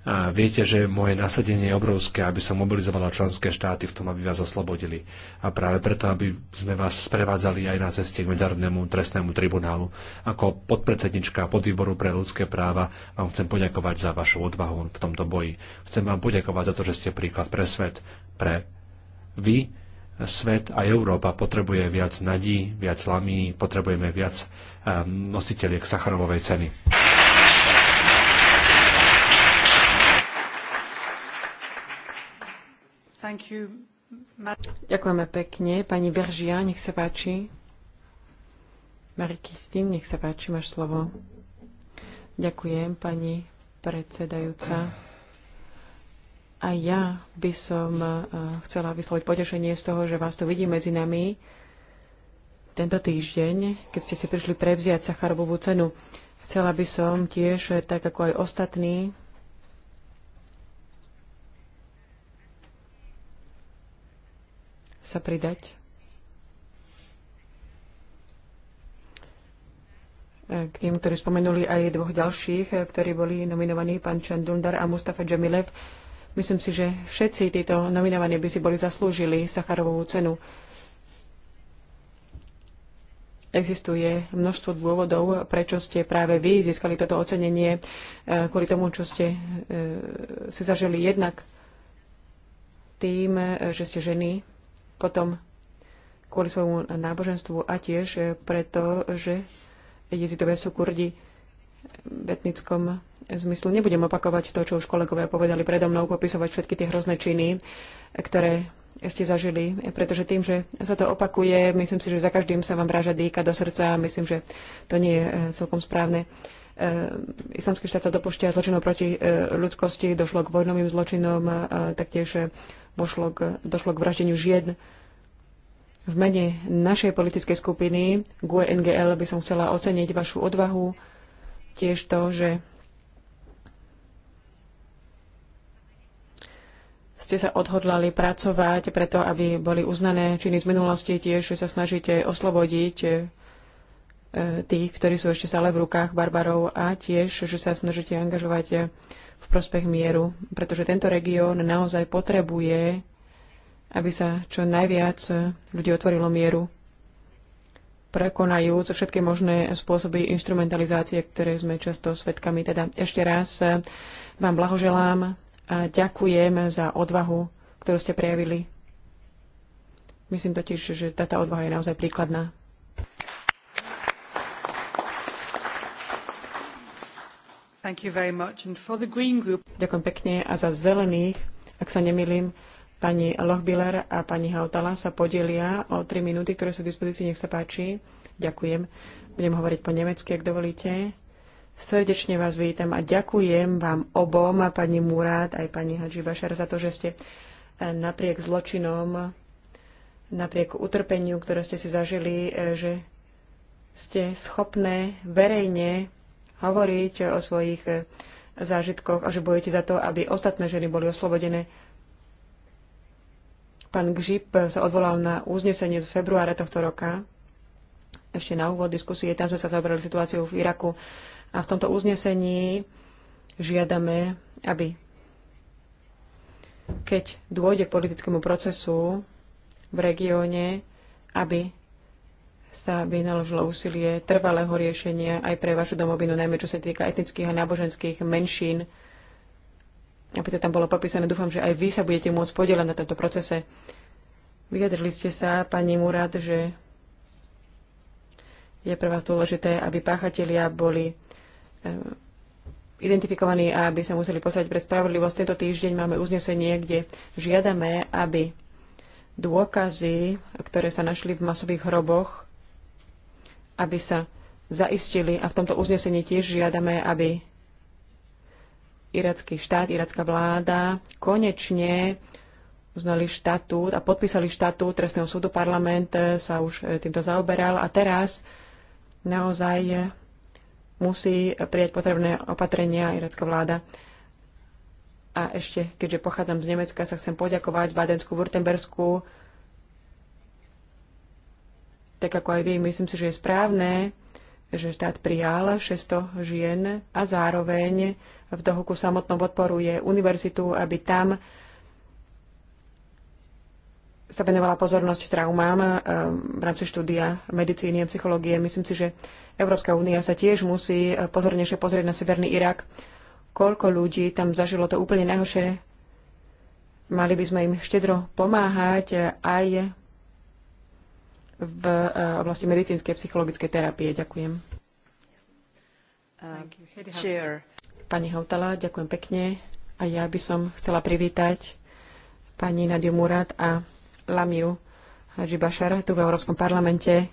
A viete, že moje nasadenie je obrovské, aby som mobilizovala členské štáty v tom, aby vás oslobodili. A práve preto, aby sme vás sprevádzali aj na ceste k Medzinárodnému trestnému tribunálu. Ako podpredsednička podvýboru pre ľudské práva vám chcem poďakovať za vašu odvahu v tomto boji. Chcem vám poďakovať za to, že ste príklad pre svet, pre vy, svet a Európa potrebuje viac nadí, viac lamí, potrebujeme viac um, nositeľiek Sacharovovej ceny. You, Ďakujeme pekne. Pani Beržia, nech sa páči. Mari Kristín, nech sa páči, máš slovo. Ďakujem, pani predsedajúca. A ja by som e, chcela vysloviť potešenie z toho, že vás tu vidím medzi nami tento týždeň, keď ste si prišli prevziať Sacharovú cenu. Chcela by som tiež, tak ako aj ostatní, sa pridať e, k tým, ktorí spomenuli aj dvoch ďalších, e, ktorí boli nominovaní, pán Čandundar a Mustafa Džemilev. Myslím si, že všetci títo nominovaní by si boli zaslúžili Sacharovú cenu. Existuje množstvo dôvodov, prečo ste práve vy získali toto ocenenie e, kvôli tomu, čo ste si zažili jednak tým, že ste ženy potom kvôli svojmu náboženstvu a tiež e, preto, že jezidové sú kurdi v etnickom zmyslu. Nebudem opakovať to, čo už kolegovia povedali predo mnou, popisovať všetky tie hrozné činy, ktoré ste zažili, pretože tým, že sa to opakuje, myslím si, že za každým sa vám vráža dýka do srdca a myslím, že to nie je e, celkom správne. E, islamský štát sa dopušťa zločinov proti ľudskosti, došlo k vojnovým zločinom, taktiež došlo k, došlo k vraždeniu žien. V mene našej politickej skupiny GUE NGL by som chcela oceniť vašu odvahu, tiež to, že ste sa odhodlali pracovať preto, aby boli uznané činy z minulosti, tiež sa snažíte oslobodiť e, tých, ktorí sú ešte stále v rukách barbarov a tiež, že sa snažíte angažovať prospech mieru, pretože tento región naozaj potrebuje, aby sa čo najviac ľudí otvorilo mieru, prekonajú so všetky možné spôsoby instrumentalizácie, ktoré sme často svedkami. Teda ešte raz vám blahoželám a ďakujem za odvahu, ktorú ste prejavili. Myslím totiž, že táto odvaha je naozaj príkladná. Ďakujem pekne a za zelených, ak sa nemýlim, pani Lochbiller a pani Hautala sa podelia o 3 minúty, ktoré sú v dispozícii. Nech sa páči. Ďakujem. Budem hovoriť po nemecky, ak dovolíte. Srdečne vás vítam a ďakujem vám obom, pani Murát aj pani Hadži Bašar, za to, že ste e, napriek zločinom, napriek utrpeniu, ktoré ste si zažili, e, že ste schopné verejne hovoriť o svojich eh, zážitkoch a že bojujete za to, aby ostatné ženy boli oslobodené. Pán Gžip sa odvolal na uznesenie z februára tohto roka. Ešte na úvod diskusie, tam sme sa zaoberali situáciou v Iraku. A v tomto uznesení žiadame, aby keď dôjde k politickému procesu v regióne, aby sa by naložilo úsilie trvalého riešenia aj pre vašu domovinu, najmä čo sa týka etnických a náboženských menšín. Aby to tam bolo popísané, dúfam, že aj vy sa budete môcť podielať na tomto procese. Vyjadrili ste sa, pani Murad, že je pre vás dôležité, aby páchatelia boli eh, identifikovaní a aby sa museli poslať pred spravodlivosť. Tento týždeň máme uznesenie, kde žiadame, aby dôkazy, ktoré sa našli v masových hroboch, aby sa zaistili, a v tomto uznesení tiež žiadame, aby iracký štát, iracká vláda konečne uznali štatút a podpísali štatút trestného súdu. Parlament eh, sa už eh, týmto zaoberal a teraz naozaj eh, musí prijať potrebné opatrenia iracká vláda. A ešte, keďže pochádzam z Nemecka, sa chcem poďakovať Badensku, Württembersku, tak ako aj vy, myslím si, že je správne, že štát prijal 600 žien a zároveň v dohoku samotnom podporuje univerzitu, aby tam sa venovala pozornosť traumám eh, v rámci štúdia medicíny a psychológie. Myslím si, že Európska únia sa tiež musí eh, pozornejšie pozrieť na Severný Irak. Koľko ľudí tam zažilo to úplne najhoršie. Mali by sme im štedro pomáhať eh, aj v e, oblasti medicínskej a psychologickej terapie. Ďakujem. Pani Hautala, ďakujem pekne. A ja by som chcela privítať pani Nadiu Murad a Lamiu Hajibašar tu v Európskom parlamente.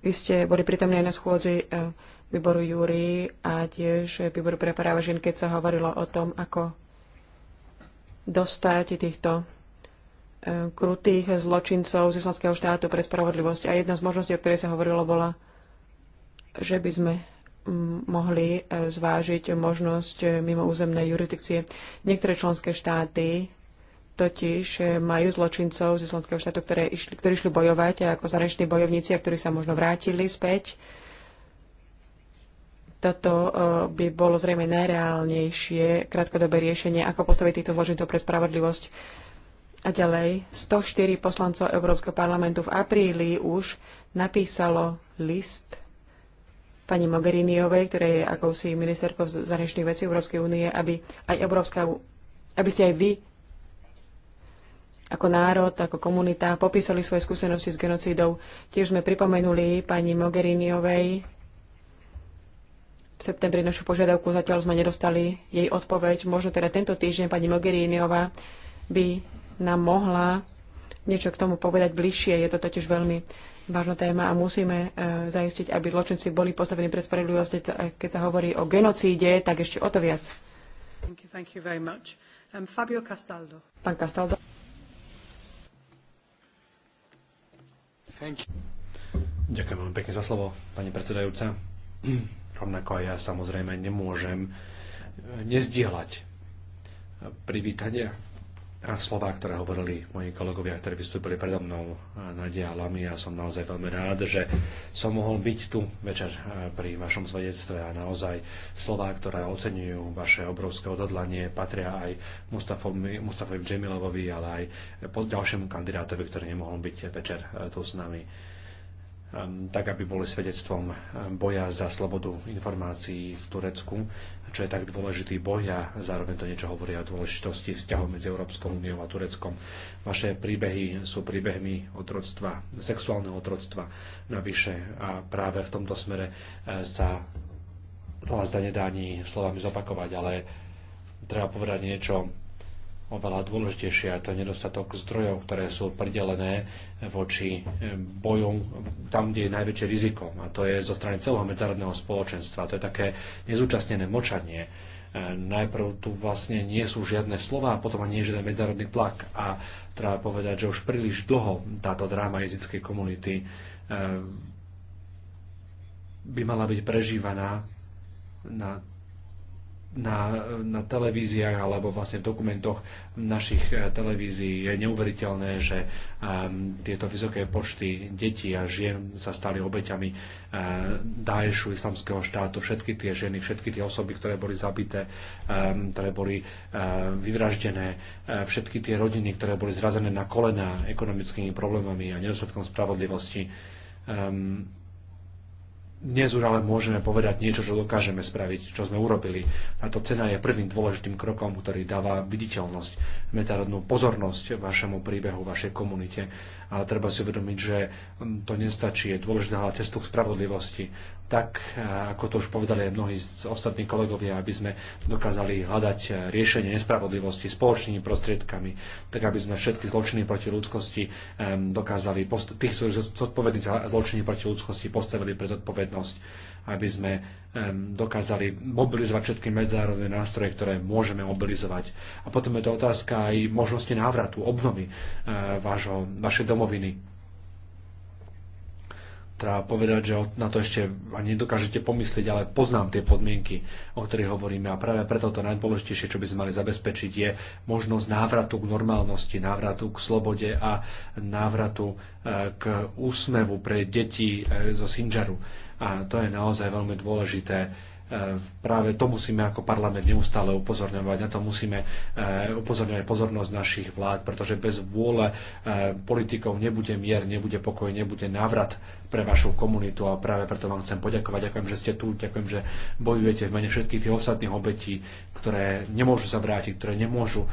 Vy ste boli pritomní aj na schôdzi e, výboru Júri a tiež výboru pre práva žien, keď sa hovorilo o tom, ako dostať týchto krutých zločincov z Islamského štátu pre spravodlivosť. A jedna z možností, o ktorej sa hovorilo, bola, že by sme mm, mohli e, zvážiť možnosť e, mimo územnej jurisdikcie. Niektoré členské štáty totiž e, majú zločincov z Islamského štátu, ktoré išli, ktorí išli bojovať ako zahraniční bojovníci a ktorí sa možno vrátili späť. Toto by bolo zrejme najreálnejšie krátkodobé riešenie, ako postaviť týchto zločincov pre spravodlivosť a ďalej, 104 poslancov Európskeho parlamentu v apríli už napísalo list pani Mogheriniovej, ktorá je akousi ministerkou zahraničných vecí Európskej únie, aby aj Európska, aby ste aj vy ako národ, ako komunita popísali svoje skúsenosti s genocídou. Tiež sme pripomenuli pani Mogheriniovej v septembri našu požiadavku, zatiaľ sme nedostali jej odpoveď. Možno teda tento týždeň pani Mogheriniova by nám mohla niečo k tomu povedať bližšie. Je to totiž veľmi vážna téma a musíme e, zaistiť, aby zločinci boli postavení pre spravedlivosť. E, keď sa hovorí o genocíde, tak ešte o to viac. Thank you, thank you very much. Um, Fabio Castaldo. Pán Castaldo. Thank you. Ďakujem veľmi pekne za slovo, pani predsedajúca. Rovnako aj ja samozrejme nemôžem e, nezdielať privítania slova, ktoré hovorili moji kolegovia, ktorí vystúpili predo mnou, e, Nadia Lamy, ja som naozaj veľmi rád, že som mohol byť tu večer e, pri vašom svedectve a naozaj slova, ktoré oceňujú vaše obrovské odhodlanie, patria aj Mustafovi, Mustafovi Džemilovovi, ale aj pod ďalšiemu kandidátovi, ktorý nemohol byť večer e, tu s nami. Ehm, tak aby boli svedectvom ehm, boja za slobodu informácií v Turecku, čo je tak dôležitý boj a zároveň to niečo hovorí o dôležitosti vzťahov medzi Európskou úniou a Tureckom. Vaše príbehy sú príbehmi otroctva, sexuálneho otroctva navyše a práve v tomto smere ehm, sa to vás nedá ani slovami zopakovať, ale treba povedať niečo oveľa a To je nedostatok zdrojov, ktoré sú pridelené voči e, bojom tam, kde je najväčšie riziko. A to je zo strany celého medzárodného spoločenstva. To je také nezúčastnené močanie. E, najprv tu vlastne nie sú žiadne slova a potom ani nie žiadny medzárodný tlak. A treba povedať, že už príliš dlho táto dráma jezickej komunity e, by mala byť prežívaná na na, na televíziách alebo vlastne v dokumentoch našich eh, televízií je neuveriteľné, že um, tieto vysoké počty detí a žien sa stali obeťami uh, Daešu, islamského štátu. Všetky tie ženy, všetky tie osoby, ktoré boli zabité, um, ktoré boli uh, vyvraždené, uh, všetky tie rodiny, ktoré boli zrazené na kolena ekonomickými problémami a nedostatkom spravodlivosti. Um, dnes už ale môžeme povedať niečo, čo dokážeme spraviť, čo sme urobili. Táto cena je prvým dôležitým krokom, ktorý dáva viditeľnosť, medzárodnú pozornosť vašemu príbehu, vašej komunite ale treba si uvedomiť, že to nestačí. Je dôležité hľadať cestu k spravodlivosti. Tak, eh, ako to už povedali aj mnohí z ostatní kolegovia, aby sme dokázali hľadať eh, riešenie nespravodlivosti spoločnými prostriedkami, tak aby sme všetky zločiny proti ľudskosti dokázali, tých, ktorí sú zodpovední za zločiny proti ľudskosti, postavili pre zodpovednosť aby sme dokázali mobilizovať všetky medzinárodné nástroje, ktoré môžeme mobilizovať. A potom je to otázka aj možnosti návratu, obnovy eh, vašej domov domoviny. Treba povedať, že na to ešte ani nedokážete pomyslieť, ale poznám tie podmienky, o ktorých hovoríme a práve preto to najdôležitejšie, čo by sme mali zabezpečiť, je možnosť návratu k normálnosti, návratu k slobode a návratu e, k úsmevu pre deti e, zo sinžaru. A to je naozaj veľmi dôležité E, práve to musíme ako parlament neustále upozorňovať, na to musíme e, upozorňovať pozornosť našich vlád, pretože bez vôle e, politikov nebude mier, nebude pokoj, nebude návrat pre vašu komunitu a práve preto vám chcem poďakovať. Ďakujem, že ste tu, ďakujem, že bojujete v mene všetkých tých ostatných obetí, ktoré nemôžu sa vrátiť, ktoré nemôžu um,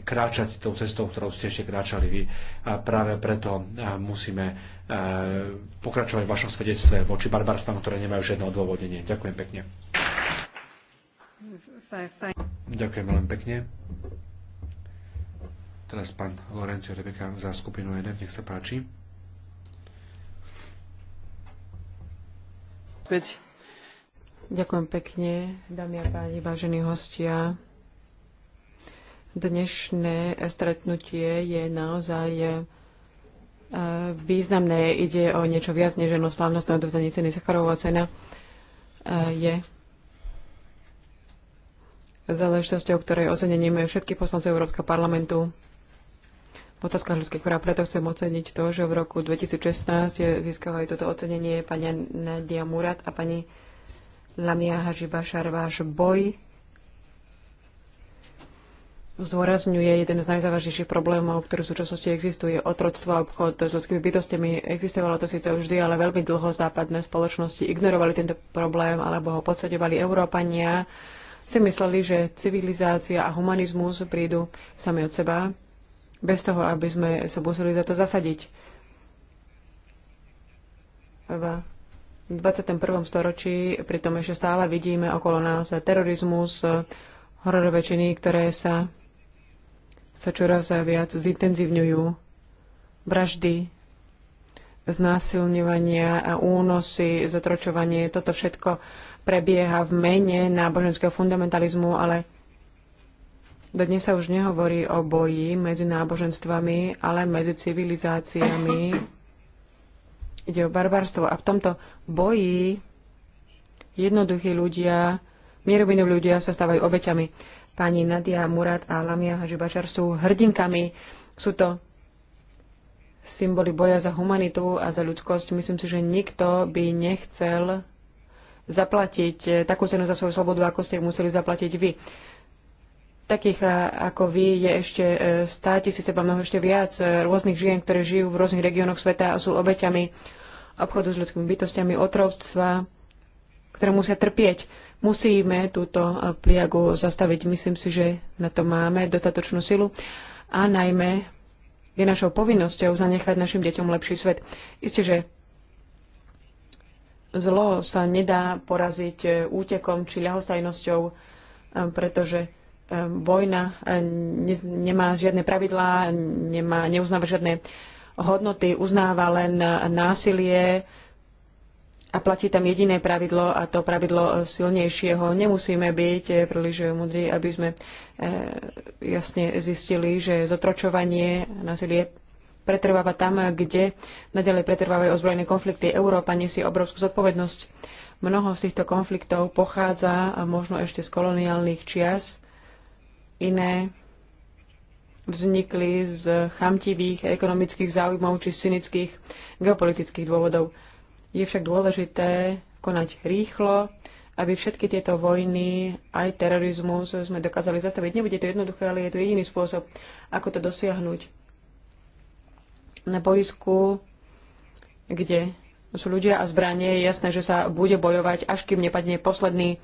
kráčať tou cestou, ktorou ste ešte kráčali vy. A práve preto ehm, musíme uh, pokračovať v vašom svedectve voči barbarstvám, ktoré nemajú žiadne odôvodnenie. Ďakujem pekne. Ďakujem veľmi pekne. Teraz pán Lorenzo Rebeka za skupinu NF, nech sa páči. Ďakujem pekne, dámy a páni, vážení hostia. Dnešné stretnutie je naozaj e, významné. Ide o niečo viac než jedno slávnostné odovzdanie ceny Sacharová cena. E, je záležitosťou, ktorej majú všetky poslance Európskeho parlamentu v otázkach ľudských práv. Preto chcem oceniť to, že v roku 2016 získala aj toto ocenenie pani Nadia Murat a pani Lamia Hažibašar. Váš boj zdôrazňuje jeden z najzávažnejších problémov, ktorý v súčasnosti existuje, otroctvo a obchod s ľudskými bytostiami. Existovalo to síce vždy, ale veľmi dlho západné spoločnosti ignorovali tento problém alebo ho podsaďovali Európania. Si mysleli, že civilizácia a humanizmus prídu sami od seba bez toho, aby sme sa museli za to zasadiť. V 21. storočí pritom ešte stále vidíme okolo nás terorizmus, hororové činy, ktoré sa, sa čoraz viac zintenzívňujú. Vraždy, znásilňovania a únosy, zotročovanie, toto všetko prebieha v mene náboženského fundamentalizmu, ale dnes sa už nehovorí o boji medzi náboženstvami, ale medzi civilizáciami. Ide o barbarstvo. A v tomto boji jednoduchí ľudia, mieroviní ľudia sa stávajú obeťami. Pani Nadia Murat a Lamia Hažibačar sú hrdinkami. Sú to symboly boja za humanitu a za ľudskosť. Myslím si, že nikto by nechcel zaplatiť takú cenu za svoju slobodu, ako ste museli zaplatiť vy. Takých ako vy je ešte 100 e, tisíce, ba mnoho ešte viac e, rôznych žien, ktoré žijú v rôznych regiónoch sveta a sú obeťami obchodu s ľudskými bytostiami, otrovstva, ktoré musia trpieť. Musíme túto e, pliagu zastaviť. Myslím si, že na to máme dostatočnú silu a najmä je našou povinnosťou zanechať našim deťom lepší svet. Isté, že zlo sa nedá poraziť útekom či ľahostajnosťou, pretože vojna e, nemá žiadne pravidlá, nemá, neuznáva žiadne hodnoty, uznáva len násilie a platí tam jediné pravidlo a to pravidlo silnejšieho. Nemusíme byť e, príliš mudrí, aby sme e, jasne zistili, že zotročovanie násilie pretrváva tam, kde nadalej pretrvávajú ozbrojené konflikty. Európa nesie obrovskú zodpovednosť. Mnoho z týchto konfliktov pochádza možno ešte z koloniálnych čias, Iné vznikli z chamtivých ekonomických záujmov či cynických geopolitických dôvodov. Je však dôležité konať rýchlo, aby všetky tieto vojny, aj terorizmus sme dokázali zastaviť. Nebude to jednoduché, ale je to jediný spôsob, ako to dosiahnuť. Na boisku, kde sú ľudia a zbranie, je jasné, že sa bude bojovať, až kým nepadne posledný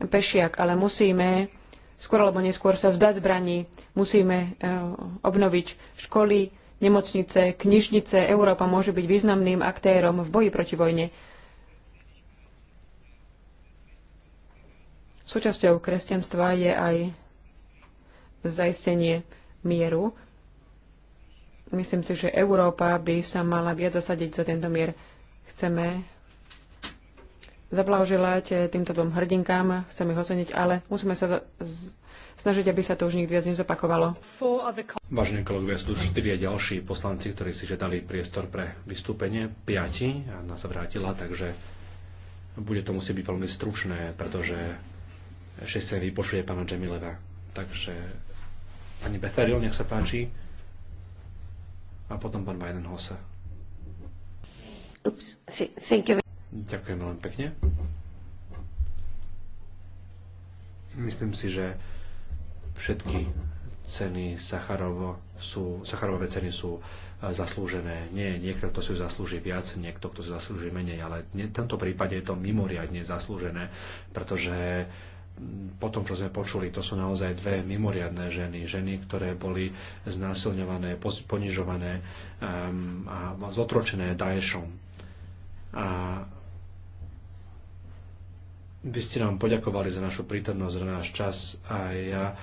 pešiak, ale musíme skôr alebo neskôr sa vzdať zbraní. Musíme e, obnoviť školy, nemocnice, knižnice. Európa môže byť významným aktérom v boji proti vojne. Súčasťou kresťanstva je aj zaistenie mieru. Myslím si, že Európa by sa mala viac zasadiť za tento mier. Chceme zablahoželať eh, týmto dvom hrdinkám, chcem ich oceniť, ale musíme sa snažiť, aby sa to už nikdy viac nezopakovalo. Vážení kolegovia, sú tu štyria ďalší poslanci, ktorí si žiadali priestor pre vystúpenie, piati, a nás vrátila, takže bude to musieť byť veľmi stručné, pretože ešte sa vypošuje pána Džemileva. Takže pani Bestaril, nech sa páči. A potom pán Weidenhose. Oops, thank you. Ďakujem veľmi pekne. Myslím si, že všetky ceny Sacharovo sú, Sacharové ceny sú e, zaslúžené. Nie niekto, kto si ju zaslúži viac, niekto, kto si zaslúži menej, ale v tomto prípade je to mimoriadne zaslúžené, pretože po tom, čo sme počuli, to sú naozaj dve mimoriadné ženy. Ženy, ktoré boli znásilňované, ponižované a zotročené Daešom. A by ste nám poďakovali za našu prítomnosť, za náš čas a ja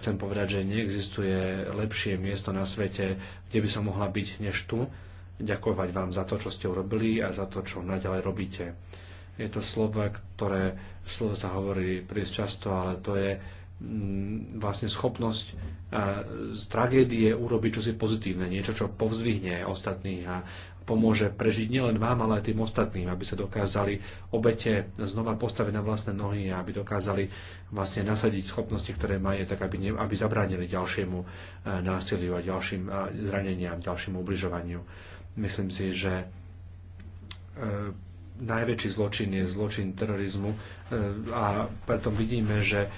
chcem povedať, že neexistuje lepšie miesto na svete, kde by som mohla byť než tu. Ďakovať vám za to, čo ste urobili a za to, čo naďalej robíte. Je to slovo, ktoré slovo sa hovorí príliš často, ale to je mm, vlastne schopnosť z tragédie urobiť čosi pozitívne, niečo, čo povzvihne ostatných a pomôže prežiť nielen vám, ale aj tým ostatným, aby sa dokázali obete znova postaviť na vlastné nohy a aby dokázali vlastne nasadiť schopnosti, ktoré majú, tak aby, ne, aby zabránili ďalšiemu e, násiliu a ďalším e, zraneniam, ďalšiemu ubližovaniu. Myslím si, že e, najväčší zločin je zločin terorizmu a preto vidíme, že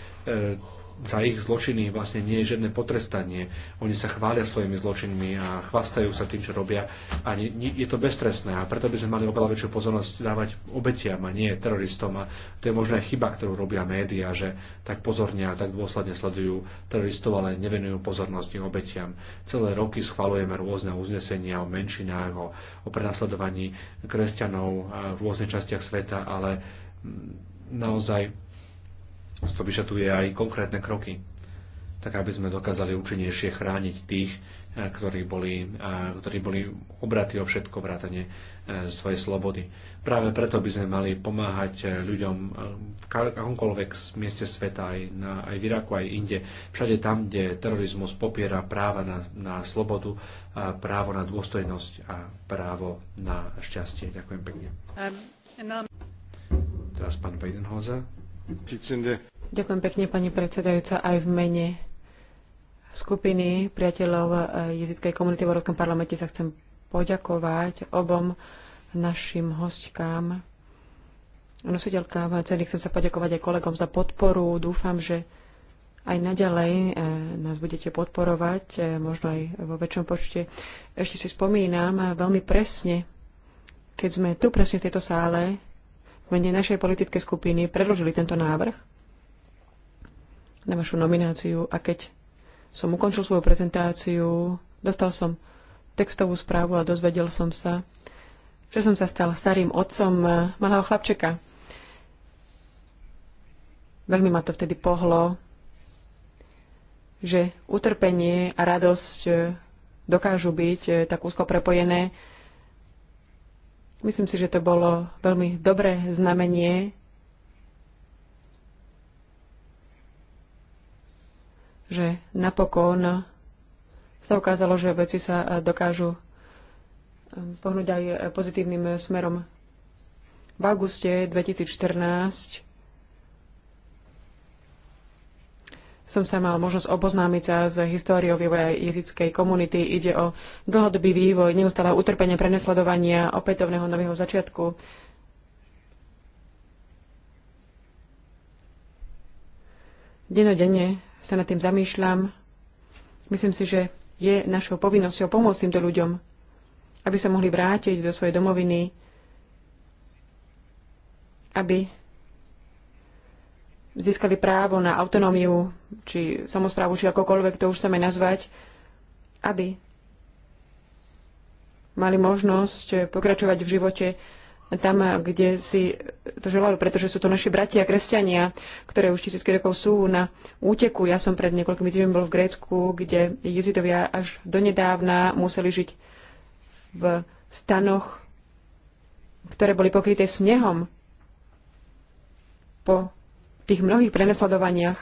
za ich zločiny vlastne nie je žiadne potrestanie. Oni sa chvália svojimi zločinmi a chvastajú sa tým, čo robia. A nie, nie, je to beztrestné a preto by sme mali oveľa väčšiu pozornosť dávať obetiam a nie teroristom. A to je možná chyba, ktorú robia médiá, že tak pozorne a tak dôsledne sledujú teroristov, ale nevenujú pozornosť tým obetiam. Celé roky schvalujeme rôzne uznesenia o menšinách, o, o prenasledovaní kresťanov v rôznych častiach sveta, ale naozaj to vyžaduje aj konkrétne kroky, tak aby sme dokázali účinnejšie chrániť tých, eh, ktorí boli, eh, ktorí boli obratí o všetko vrátane eh, svojej slobody. Práve preto by sme mali pomáhať ľuďom v akomkoľvek mieste sveta, aj, na, aj v Iraku, aj inde, všade tam, kde terorizmus popiera práva na, na slobodu, právo na dôstojnosť a právo na šťastie. Ďakujem pekne. Um, Teraz pán Weidenhozer. Ďakujem pekne, pani predsedajúca, aj v mene skupiny priateľov eh, jezidskej komunity v Európskom parlamente sa chcem poďakovať obom našim hostkám, nositeľkám ceny. Chcem sa poďakovať aj kolegom za podporu. Dúfam, že aj naďalej eh, nás budete podporovať, eh, možno aj vo väčšom počte. Ešte si spomínam veľmi presne, keď sme tu presne v tejto sále v mene našej politickej skupiny predložili tento návrh na vašu nomináciu a keď som ukončil svoju prezentáciu, dostal som textovú správu a dozvedel som sa, že som sa stal starým otcom malého chlapčeka. Veľmi ma to vtedy pohlo, že utrpenie a radosť dokážu byť tak úzko prepojené Myslím si, že to bolo veľmi dobré znamenie, že napokon sa ukázalo, že veci sa eh, dokážu eh, pohnúť aj eh, pozitívnym smerom. V auguste 2014 som sa mal možnosť oboznámiť sa s históriou vývoja jezickej komunity. Ide o dlhodobý vývoj, neustále utrpenie prenasledovania, opätovného nového začiatku. Denodenne sa nad tým zamýšľam. Myslím si, že je našou povinnosťou pomôcť týmto ľuďom, aby sa mohli vrátiť do svojej domoviny, aby získali právo na autonómiu, či samozprávu, či akokoľvek to už chceme nazvať, aby mali možnosť pokračovať v živote tam, kde si to želajú, pretože sú to naši bratia kresťania, ktoré už tisícky rokov sú na úteku. Ja som pred niekoľkými týždňami bol v Grécku, kde jezidovia až donedávna museli žiť v stanoch, ktoré boli pokryté snehom po tých mnohých prenasledovaniach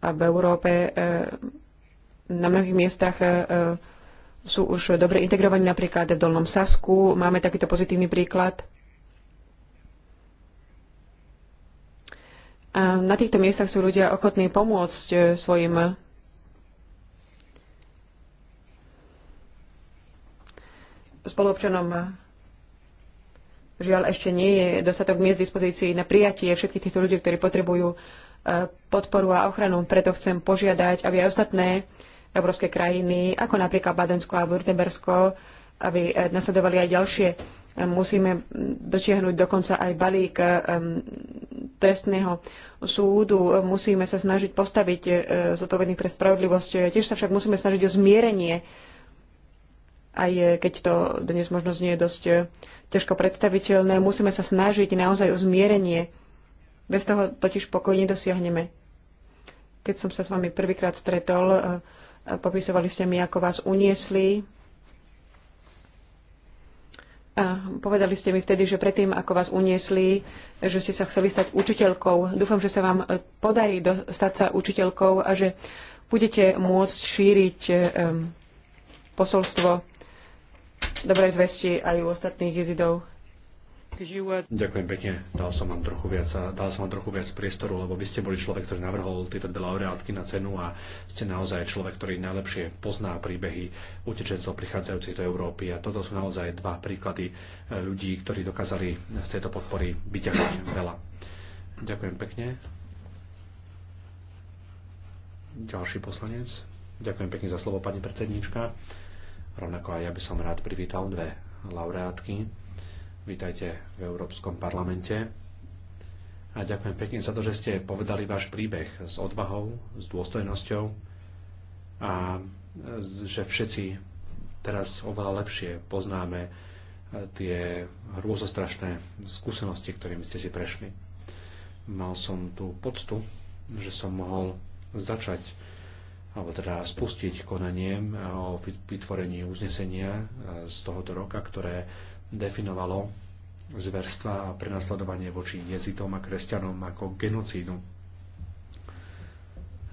a v Európe e, na mnohých miestach e, e, sú už dobre integrovaní, napríklad v Dolnom Sasku. Máme takýto pozitívny príklad. A na týchto miestach sú ľudia ochotní pomôcť svojim spolobčanom Žiaľ, ešte nie je dostatok miest dispozícii na prijatie všetkých týchto ľudí, ktorí potrebujú e, podporu a ochranu. Preto chcem požiadať, aby aj ostatné európske krajiny, ako napríklad Badensko a Württembersko, aby e, nasledovali aj ďalšie. E, musíme dotiahnuť dokonca aj balík trestného súdu. Musíme sa snažiť postaviť zodpovedných pre spravodlivosť. Tiež sa však musíme snažiť o zmierenie, aj keď to dnes možno znie dosť ťažko predstaviteľné. Musíme sa snažiť naozaj o zmierenie. Bez toho totiž pokoj nedosiahneme. Keď som sa s vami prvýkrát stretol, e, e, popisovali ste mi, ako vás uniesli. A povedali ste mi vtedy, že predtým, ako vás uniesli, že ste sa chceli stať učiteľkou. Dúfam, že sa vám e, podarí stať sa učiteľkou a že budete môcť šíriť posolstvo dobrej zvesti aj u ostatných jezidov. Ďakujem pekne. Dal som, vám trochu viac, dal som vám trochu viac priestoru, lebo vy ste boli človek, ktorý navrhol tieto dve laureátky na cenu a ste naozaj človek, ktorý najlepšie pozná príbehy utečencov prichádzajúcich do Európy. A toto sú naozaj dva príklady e, ľudí, ktorí dokázali z tejto podpory vyťahnuť veľa. Ďakujem pekne. Ďalší poslanec. Ďakujem pekne za slovo, pani predsedníčka. Rovnako aj ja by som rád privítal dve laureátky. Vítajte v Európskom parlamente. A ďakujem pekne za to, že ste povedali váš príbeh s odvahou, s dôstojnosťou a že všetci teraz oveľa lepšie poznáme eh, tie hrôzostrašné skúsenosti, ktorými ste si prešli. Mal som tú poctu, že som mohol začať alebo teda spustiť konanie eh, o vytvorení uznesenia eh, z tohoto roka, ktoré definovalo zverstva a prenasledovanie voči jezitom a kresťanom ako genocídu.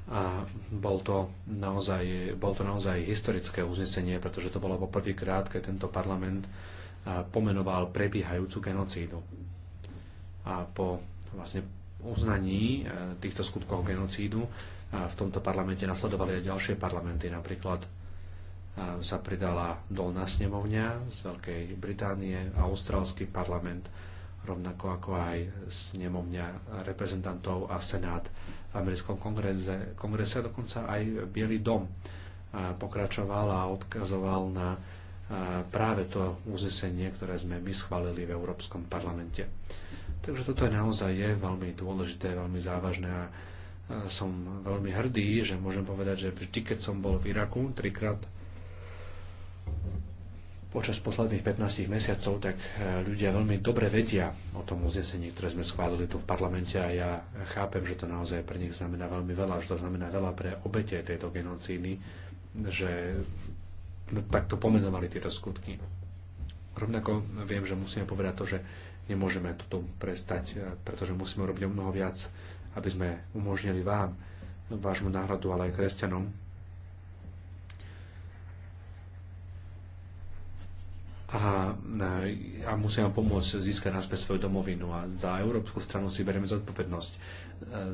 A bol to, naozaj, bol to naozaj historické uznesenie, pretože to bolo poprvýkrát, keď tento parlament eh, pomenoval prebiehajúcu genocídu. A po vlastne uznaní týchto skutkov genocídu v tomto parlamente nasledovali aj ďalšie parlamenty. Napríklad sa pridala Dolná snemovňa z Veľkej Británie, Austrálsky parlament, rovnako ako aj snemovňa reprezentantov a senát v americkom kongrese, kongrese dokonca aj Bielý dom pokračoval a odkazoval na práve to uznesenie, ktoré sme my schválili v Európskom parlamente. Takže toto je naozaj je veľmi dôležité, veľmi závažné a Eh, som veľmi hrdý, že môžem povedať, že vždy, keď som bol v Iraku trikrát počas posledných 15 mesiacov, tak eh, ľudia veľmi dobre vedia o tom uznesení, ktoré sme schválili tu v parlamente a ja chápem, že to naozaj pre nich znamená veľmi veľa, že to znamená veľa pre obete tejto genocídy, že takto pomenovali tieto skutky. Rovnako viem, že musíme povedať to, že nemôžeme toto prestať, eh, pretože musíme robiť o mnoho viac aby sme umožnili vám, vášmu náhradu, ale aj kresťanom, a, a musíme pomôcť získať naspäť svoju domovinu. A za európsku stranu si berieme zodpovednosť e,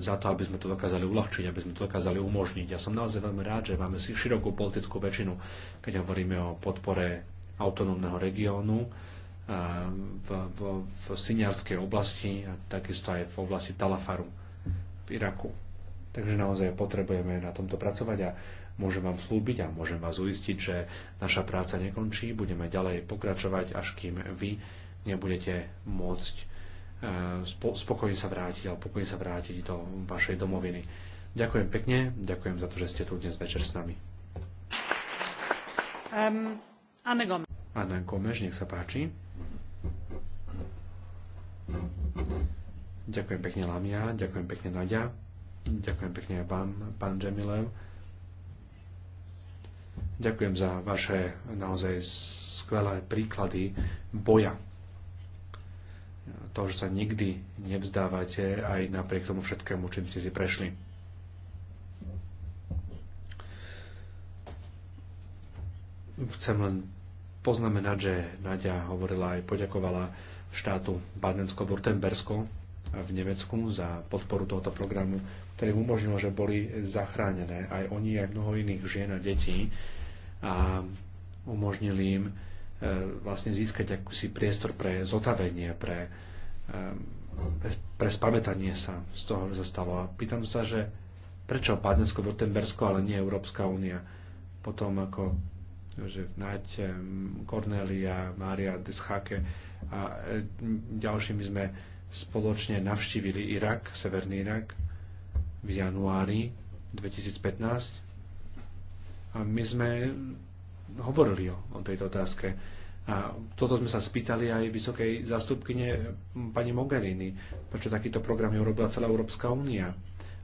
za to, aby sme to dokázali uľahčiť, aby sme to dokázali umožniť. Ja som naozaj veľmi rád, že máme si širokú politickú väčšinu, keď hovoríme o podpore autonómneho regiónu e, v, v, v Siniarskej oblasti a takisto aj v oblasti Talafaru v Iraku. Takže naozaj potrebujeme na tomto pracovať a môžem vám slúbiť a môžem vás uistiť, že naša práca nekončí, budeme ďalej pokračovať, až kým vy nebudete môcť e, spokojne sa vrátiť alebo pokojne sa vrátiť do vašej domoviny. Ďakujem pekne, ďakujem za to, že ste tu dnes večer s nami. Um, Anne Gomes. Gomes, nech sa páči. Ďakujem pekne Lamia, ďakujem pekne Nadia, ďakujem pekne vám, pán Džemilev. Ďakujem za vaše naozaj skvelé príklady boja. To, že sa nikdy nevzdávate aj napriek tomu všetkému, čím ste si prešli. Chcem len poznamenať, že Nadia hovorila aj poďakovala štátu Badensko-Württembersko v Nemecku za podporu tohoto programu, ktorý umožnil, že boli zachránené aj oni, aj mnoho iných žien a detí a umožnili im e, vlastne získať akúsi priestor pre zotavenie, pre, e, pre spamätanie sa z toho, že sa stalo. A pýtam sa, že prečo Bádnecko-Württembersko, ale nie Európska únia? Potom ako že Nať, e, Cornelia, Mária Deschake a ďalšími sme spoločne navštívili Irak, Severný Irak v januári 2015 a my sme hovorili o, o tejto otázke. A toto sme sa spýtali aj vysokej zástupkyne pani Mogherini, prečo takýto program je urobila celá Európska únia,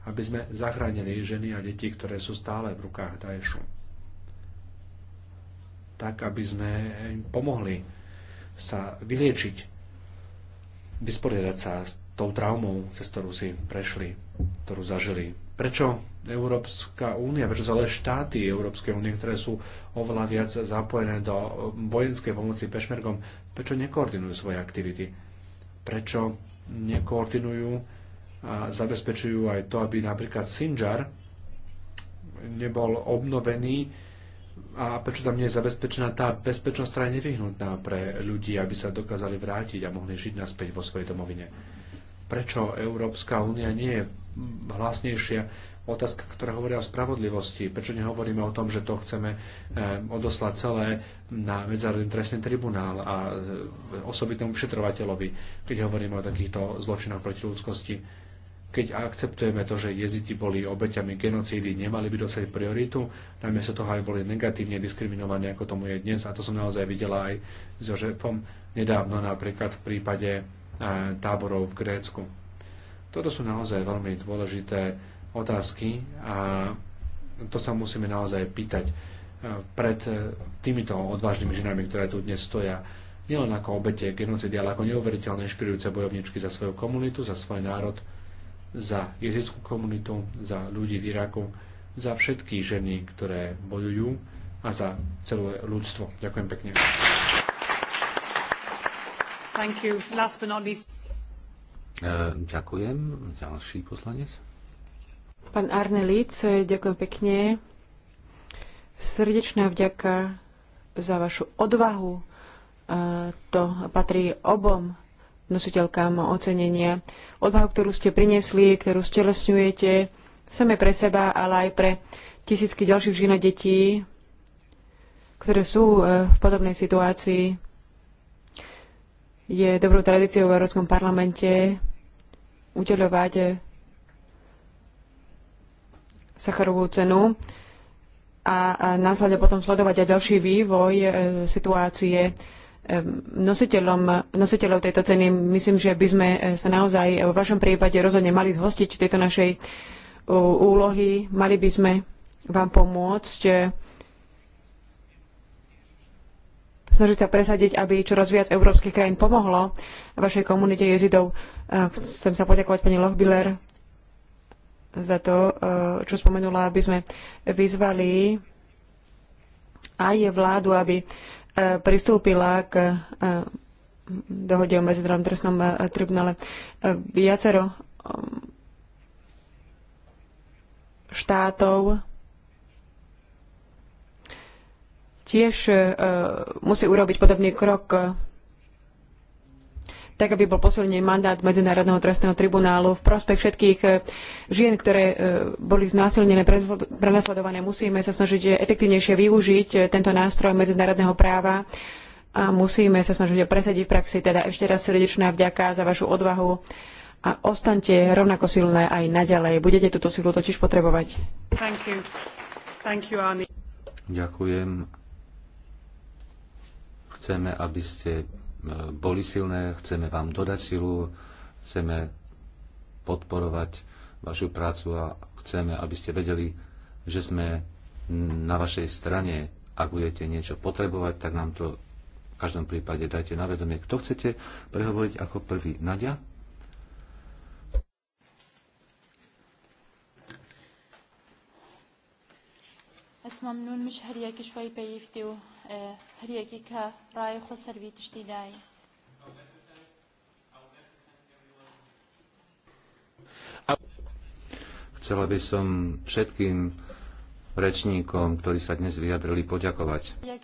aby sme zachránili ženy a deti, ktoré sú stále v rukách Daešu. Tak, aby sme im pomohli sa vyliečiť vysporiadať sa s tou traumou, cez ktorú si prešli, ktorú zažili. Prečo Európska únia, prečo celé štáty Európskej únie, ktoré sú oveľa viac zapojené do vojenskej pomoci pešmergom, prečo nekoordinujú svoje aktivity? Prečo nekoordinujú a zabezpečujú aj to, aby napríklad Sinjar nebol obnovený a prečo tam nie je zabezpečená tá bezpečnosť, ktorá je nevyhnutná pre ľudí, aby sa dokázali vrátiť a mohli žiť naspäť vo svojej domovine. Prečo Európska únia nie je hlasnejšia otázka, ktorá hovorí o spravodlivosti. Prečo nehovoríme o tom, že to chceme eh, odoslať celé na Medzárodný trestný tribunál a eh, osobitnému vyšetrovateľovi, keď hovoríme o takýchto zločinoch proti ľudskosti keď akceptujeme to, že jeziti boli obeťami genocídy, nemali by dosať prioritu, najmä sa toho aj boli negatívne diskriminovaní, ako tomu je dnes. A to som naozaj videla aj s Jožefom nedávno, napríklad v prípade e, táborov v Grécku. Toto sú naozaj veľmi dôležité otázky a to sa musíme naozaj pýtať e, pred e, týmito odvážnymi ženami, ktoré tu dnes stoja nielen ako obete genocidy, ale ako neuveriteľne inšpirujúce bojovničky za svoju komunitu, za svoj národ, za jezickú komunitu, za ľudí v Iraku, za všetky ženy, ktoré bojujú a za celé ľudstvo. Ďakujem pekne. Thank you. Last but not least. Uh, ďakujem. Ďalší poslanec. Pán Arne Lic, ďakujem pekne. Srdečná vďaka za vašu odvahu. Uh, to patrí obom nositeľkám ocenenia. Odvahu, ktorú ste priniesli, ktorú stelesňujete, same pre seba, ale aj pre tisícky ďalších žien a detí, ktoré sú e, v podobnej situácii. Je dobrou tradíciou v Európskom parlamente udeľovať e, Sacharovú cenu a, a následne potom sledovať aj ďalší vývoj e, situácie nositeľom, nositeľov tejto ceny. Myslím, že by sme eh, sa naozaj eh, vo vašom prípade rozhodne mali zhostiť tejto našej eh, úlohy. Mali by sme vám pomôcť snažiť sa presadiť, aby čoraz viac európskych krajín pomohlo vašej komunite jezidov. Chcem sa poďakovať pani Lochbiller za to, čo spomenula, aby sme vyzvali aj vládu, aby E, pristúpila k e, dohode o medzinárodnom trestnom e, tribunále. Viacero štátov tiež musí urobiť podobný krok tak aby bol posilnený mandát Medzinárodného trestného tribunálu v prospech všetkých eh, žien, ktoré eh, boli znásilnené, prenasledované. Musíme sa snažiť efektívnejšie využiť eh, tento nástroj medzinárodného práva a musíme sa snažiť ho presadiť v praxi. Teda ešte raz srdečná vďaka za vašu odvahu a ostaňte rovnako silné aj naďalej. Budete túto silu totiž potrebovať. Thank you. Thank you, Ďakujem. Chceme, aby ste boli silné, chceme vám dodať silu, chceme podporovať vašu prácu a chceme, aby ste vedeli, že sme na vašej strane. Ak budete niečo potrebovať, tak nám to v každom prípade dajte na vedomie. Kto chcete prehovoriť ako prvý? Nadia? اسمع منون مش هرياكي شوي بيفتي هەریەکی که رای خۆ سەروی تشتی دای. Chcela by som všetkým rečníkom, ktorí sa dnes vyjadrili, poďakovať. E,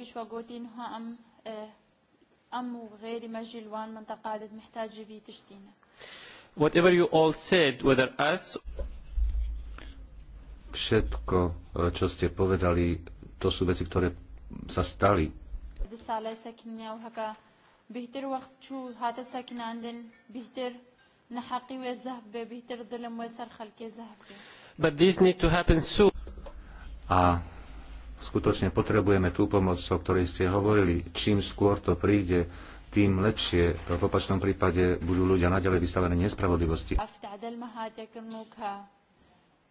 Whatever you all said, whether us všetko, e, čo ste povedali, to sú veci, ktoré sa stali. A skutočne potrebujeme tú pomoc, o ktorej ste hovorili. Čím skôr to príde, tým lepšie. V opačnom prípade budú ľudia naďalej vystavené nespravodlivosti.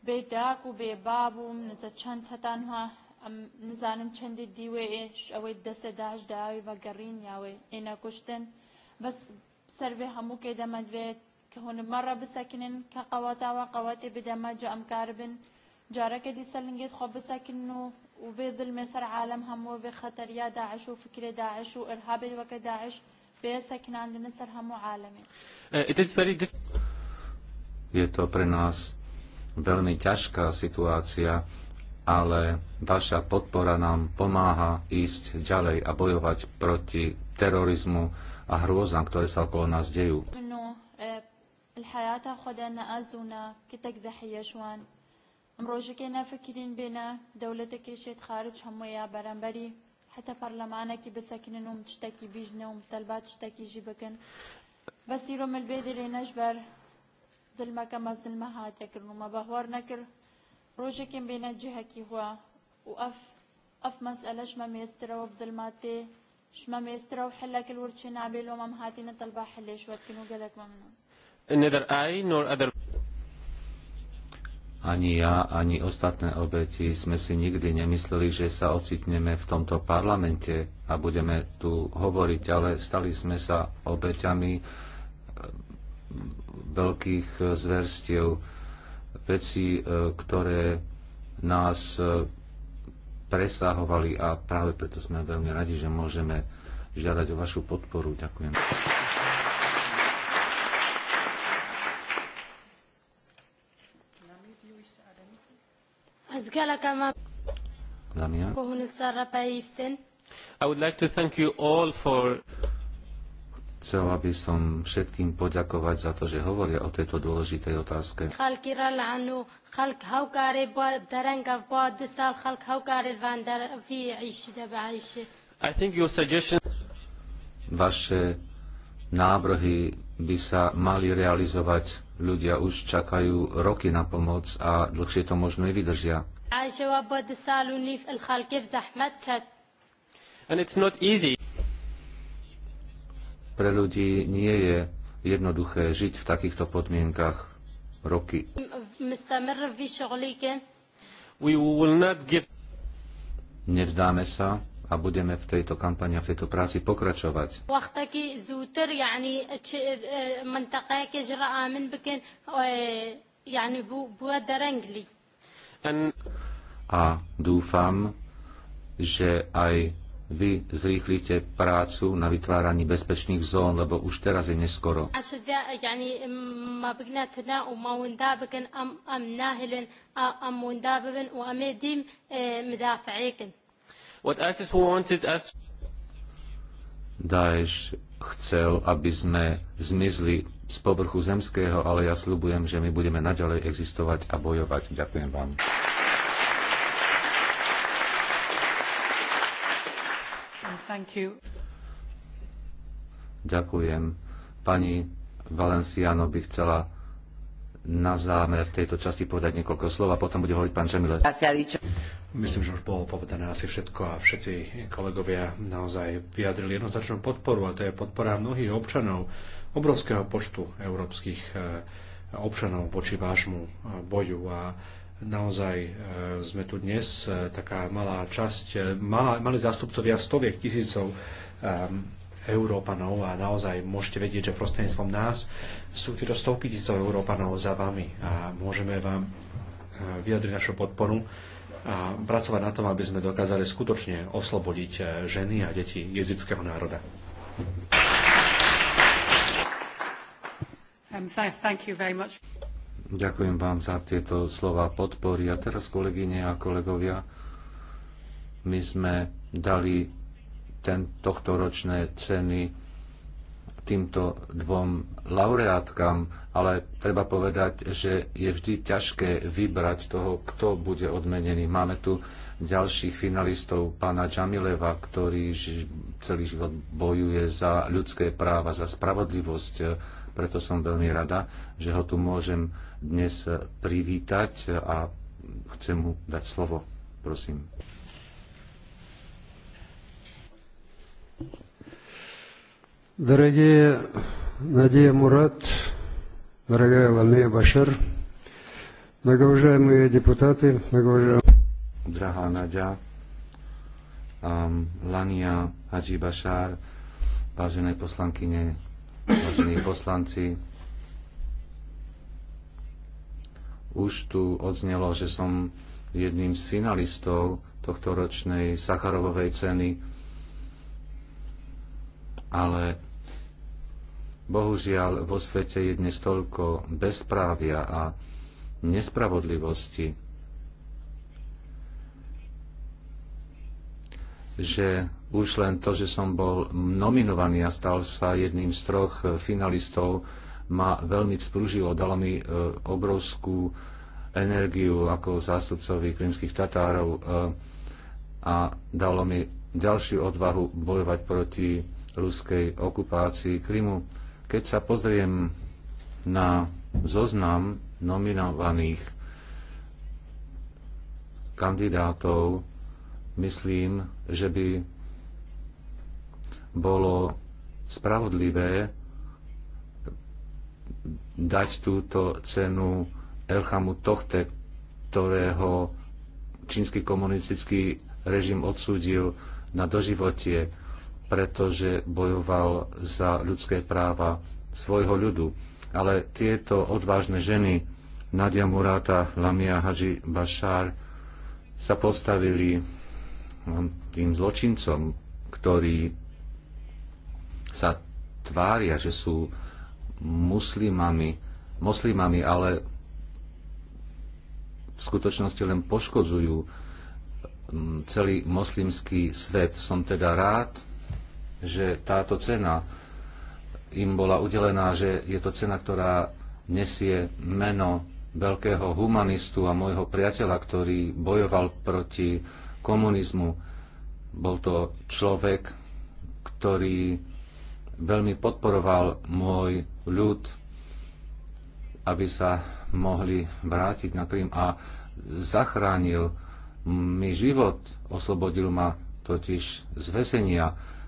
بيداك نزانم چند چەندی ایش اوی دست داشت داوی و گرین یاوی اینا بە گەڕین یاوەی ئێنە کوشتن بەس سەرێ هەموو کێ دەمەدوێت کە هونمەڕە بسەکنن کە قەواتاوە قەواتی بدەمە جا امکار بن جارەکە دیسە لنگێت خۆ بسەکن و و به ظلم سر عالم همو به خطر یا داعش و فکر داعش و ئەرهابێت وەکە داعش به بێ سەکناندنە سەر هەموو عالمێ Je to pre nás veľmi ťažká situácia ale vaša podpora nám pomáha ísť ďalej a bojovať proti terorizmu a hrôzam, ktoré sa okolo nás dejú. الحياة أخذنا أزونا كتك ضحية شوان مروجك فكرين بنا دولتك شيت خارج هم يا برنبري حتى برلمانك بسكنن ومتشتكي بيجنا ومطلبات تشتكي جيبكن بس يروم البيد اللي نجبر دل ما كما زلمة هاتكر وما بهور نكر روجكم بين جهكي هو وأف أف مسألة شما ميسترا وبظلماتي شما ميسترا وحلك الورتشي نعبيل ومام هاتين الطلبة حليش وكنو قالك ممنون Neither I nor other ani ja, ani ostatné obeti sme si nikdy nemysleli, že sa ocitneme v tomto parlamente a budeme tu hovoriť, ale stali sme sa obeťami eh, veľkých zverstiev veci, e, ktoré nás e, presahovali a práve preto sme veľmi radi, že môžeme žiadať o vašu podporu. Ďakujem. Damian. I would like to thank you all for Chcela by som všetkým poďakovať za to, že hovoria o tejto dôležitej otázke. Vaše nábrohy by sa mali realizovať. Ľudia už čakajú roky na pomoc a dlhšie to možno nevydržia. And it's not easy. Pre ľudí nie je jednoduché žiť v takýchto podmienkach roky. Nevzdáme sa a budeme v tejto kampani a v tejto práci pokračovať. E, e, a dúfam, že aj vy zrýchlite prácu na vytváraní bezpečných zón, lebo už teraz je neskoro. Daesh chcel, aby sme zmizli z povrchu zemského, ale ja slúbujem, že my budeme naďalej existovať a bojovať. Ďakujem vám. Thank you. Ďakujem. Pani Valenciano by chcela na zámer tejto časti povedať niekoľko slov a potom bude hovoriť pán Žemile. Myslím, že už bolo povedané asi všetko a všetci kolegovia naozaj vyjadrili jednoznačnú podporu a to je podpora mnohých občanov, obrovského počtu európskych eh, občanov voči vášmu eh, boju a Naozaj e, sme tu dnes e, taká malá časť, e, malá, mali zástupcovia stoviek tisícov Európanov a naozaj môžete vedieť, že prostredníctvom nás sú tieto stovky tisícov Európanov za vami a môžeme vám vyjadriť našu podporu a pracovať na tom, aby sme dokázali skutočne oslobodiť ženy a deti jezického národa. Um, th- thank you very much. Ďakujem vám za tieto slova podpory. A teraz, kolegyne a kolegovia, my sme dali ten, tohto ročné ceny týmto dvom laureátkam, ale treba povedať, že je vždy ťažké vybrať toho, kto bude odmenený. Máme tu ďalších finalistov, pána Džamileva, ktorý celý život bojuje za ľudské práva, za spravodlivosť preto som veľmi rada, že ho tu môžem dnes eh, privítať a chcem mu dať slovo. Prosím. Дорогие Надия Мурат, дорогая Ламия Башар, многоуважаемые депутаты, многоуважаемые... Дорогая Надя, Lania Hadži Bašár, vážené poslankyne, vážení poslanci. Už tu odznelo, že som jedným z finalistov tohto ročnej Sacharovovej ceny, ale bohužiaľ vo svete je dnes toľko bezprávia a nespravodlivosti, že už len to, že som bol nominovaný a stal sa jedným z troch finalistov, ma veľmi vzprúžilo, dalo mi e, obrovskú energiu ako zástupcovi krymských Tatárov e, a dalo mi ďalšiu odvahu bojovať proti ruskej okupácii Krymu. Keď sa pozriem na zoznam nominovaných kandidátov, myslím, že by bolo spravodlivé dať túto cenu Elchamu Tochte, ktorého čínsky komunistický režim odsúdil na doživotie, pretože bojoval za ľudské práva svojho ľudu. Ale tieto odvážne ženy, Nadia Muráta Lamia Haji Bashar, sa postavili tým zločincom, ktorí sa tvária, že sú muslimami, moslimami, ale v skutočnosti len poškodzujú mm, celý moslimský svet. Som teda rád, že táto cena im bola udelená, že je to cena, ktorá nesie meno veľkého humanistu a môjho priateľa, ktorý bojoval proti komunizmu. Bol to človek, ktorý veľmi podporoval môj ľud, aby sa mohli vrátiť na Krym a zachránil mi život, oslobodil ma totiž z väzenia.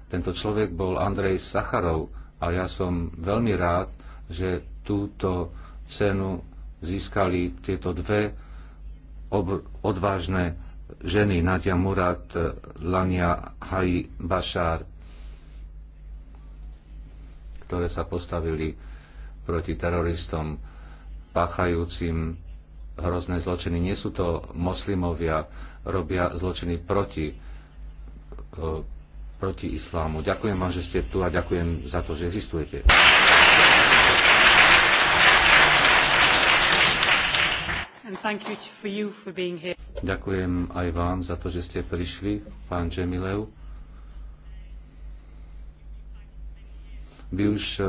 Tento človek bol Andrej Sacharov a ja som veľmi rád, že túto cenu získali tieto dve odvážne ženy, Nadia Murat, Lania Haji Bašár ktoré sa postavili proti teroristom páchajúcim hrozné zločiny. Nie sú to moslimovia, robia zločiny proti, e, proti islámu. Ďakujem vám, že ste tu a ďakujem za to, že existujete. You for for Ďakujem aj vám za to, že ste prišli, pán Džemilev. Vy už eh,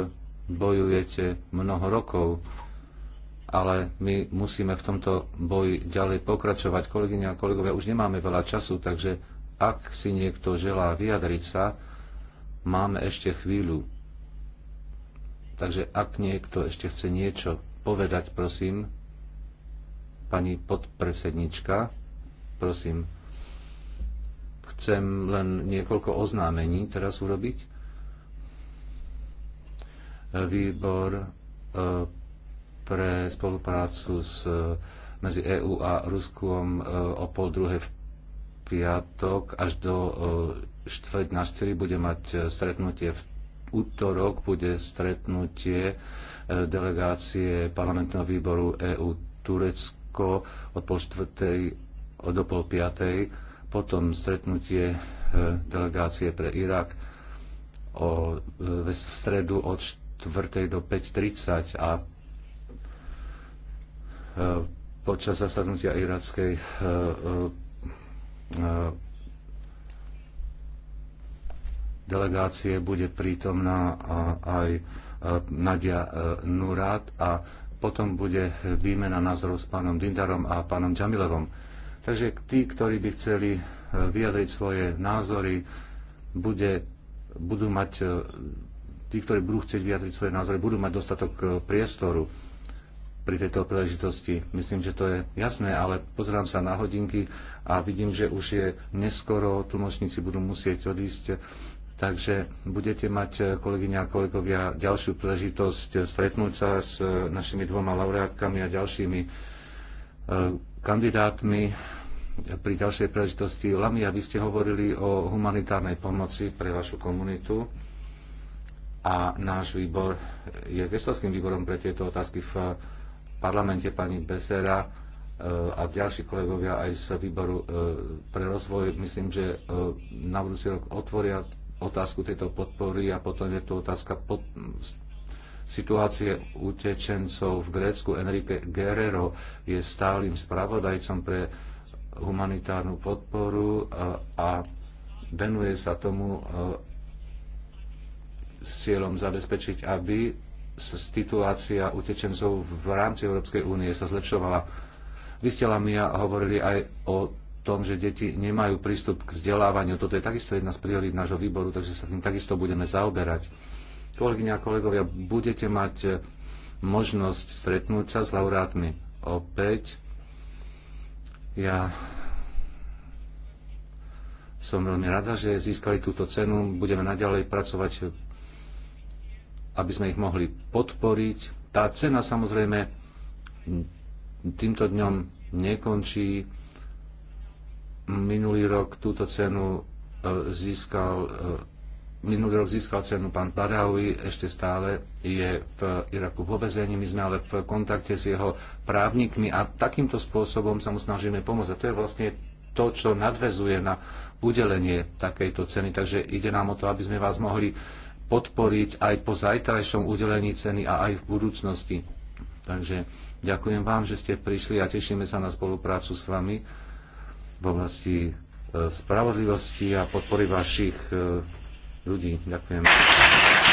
bojujete mnoho rokov, ale my musíme v tomto boji ďalej pokračovať. Kolegyne a kolegovia, už nemáme veľa času, takže ak si niekto želá vyjadriť sa, máme ešte chvíľu. Takže ak niekto ešte chce niečo povedať, prosím, pani podpredsednička, prosím, chcem len niekoľko oznámení teraz urobiť výbor e, pre spoluprácu s, e, medzi EÚ a Ruskom e, o pol druhé v piatok až do štvrť na štyri bude mať stretnutie v útorok bude stretnutie delegácie parlamentného výboru EÚ Turecko od pol štvrtej do pol piatej, potom stretnutie delegácie pre Irak o, v stredu od 4. do 5.30 a e, počas zasadnutia irackej e, e, delegácie bude prítomná aj Nadia Nurát a potom bude výmena názorov s pánom Dindarom a pánom Džamilevom. Takže tí, ktorí by chceli vyjadriť svoje názory, bude, budú mať tí, ktorí budú chcieť vyjadriť svoje názory, budú mať dostatok e, priestoru pri tejto príležitosti. Myslím, že to je jasné, ale pozerám sa na hodinky a vidím, že už je neskoro, tlmočníci budú musieť odísť, takže budete mať, e, kolegyňa a kolegovia, ďalšiu príležitosť stretnúť sa s e, našimi dvoma laureátkami a ďalšími kandidátmi pri ďalšej príležitosti. Lami, aby ste hovorili o humanitárnej pomoci pre vašu komunitu a náš výbor je gestorským výborom pre tieto otázky v parlamente pani Besera e, a ďalší kolegovia aj z výboru e, pre rozvoj. Myslím, že e, na budúci rok otvoria otázku tejto podpory a potom je tu otázka pod, situácie utečencov v Grécku. Enrique Guerrero je stálym spravodajcom pre humanitárnu podporu a, a venuje sa tomu s cieľom zabezpečiť, aby situácia utečencov v rámci Európskej únie sa zlepšovala. Vy ste Lamia hovorili aj o tom, že deti nemajú prístup k vzdelávaniu. Toto je takisto jedna z priorít nášho výboru, takže sa tým takisto budeme zaoberať. Kolegyňa a kolegovia, budete mať eh, možnosť stretnúť sa s laurátmi opäť. Ja som veľmi rada, že získali túto cenu. Budeme naďalej pracovať aby sme ich mohli podporiť. Tá cena samozrejme týmto dňom nekončí. Minulý rok túto cenu e, získal e, Minulý rok získal cenu pán Badawi, ešte stále je v Iraku v obezení, my sme ale v kontakte s jeho právnikmi a takýmto spôsobom sa mu snažíme pomôcť. A to je vlastne to, čo nadvezuje na udelenie takejto ceny. Takže ide nám o to, aby sme vás mohli podporiť aj po zajtrajšom udelení ceny a aj v budúcnosti. Takže ďakujem vám, že ste prišli a tešíme sa na spoluprácu s vami v oblasti e, spravodlivosti a podpory vašich e, ľudí. Ďakujem.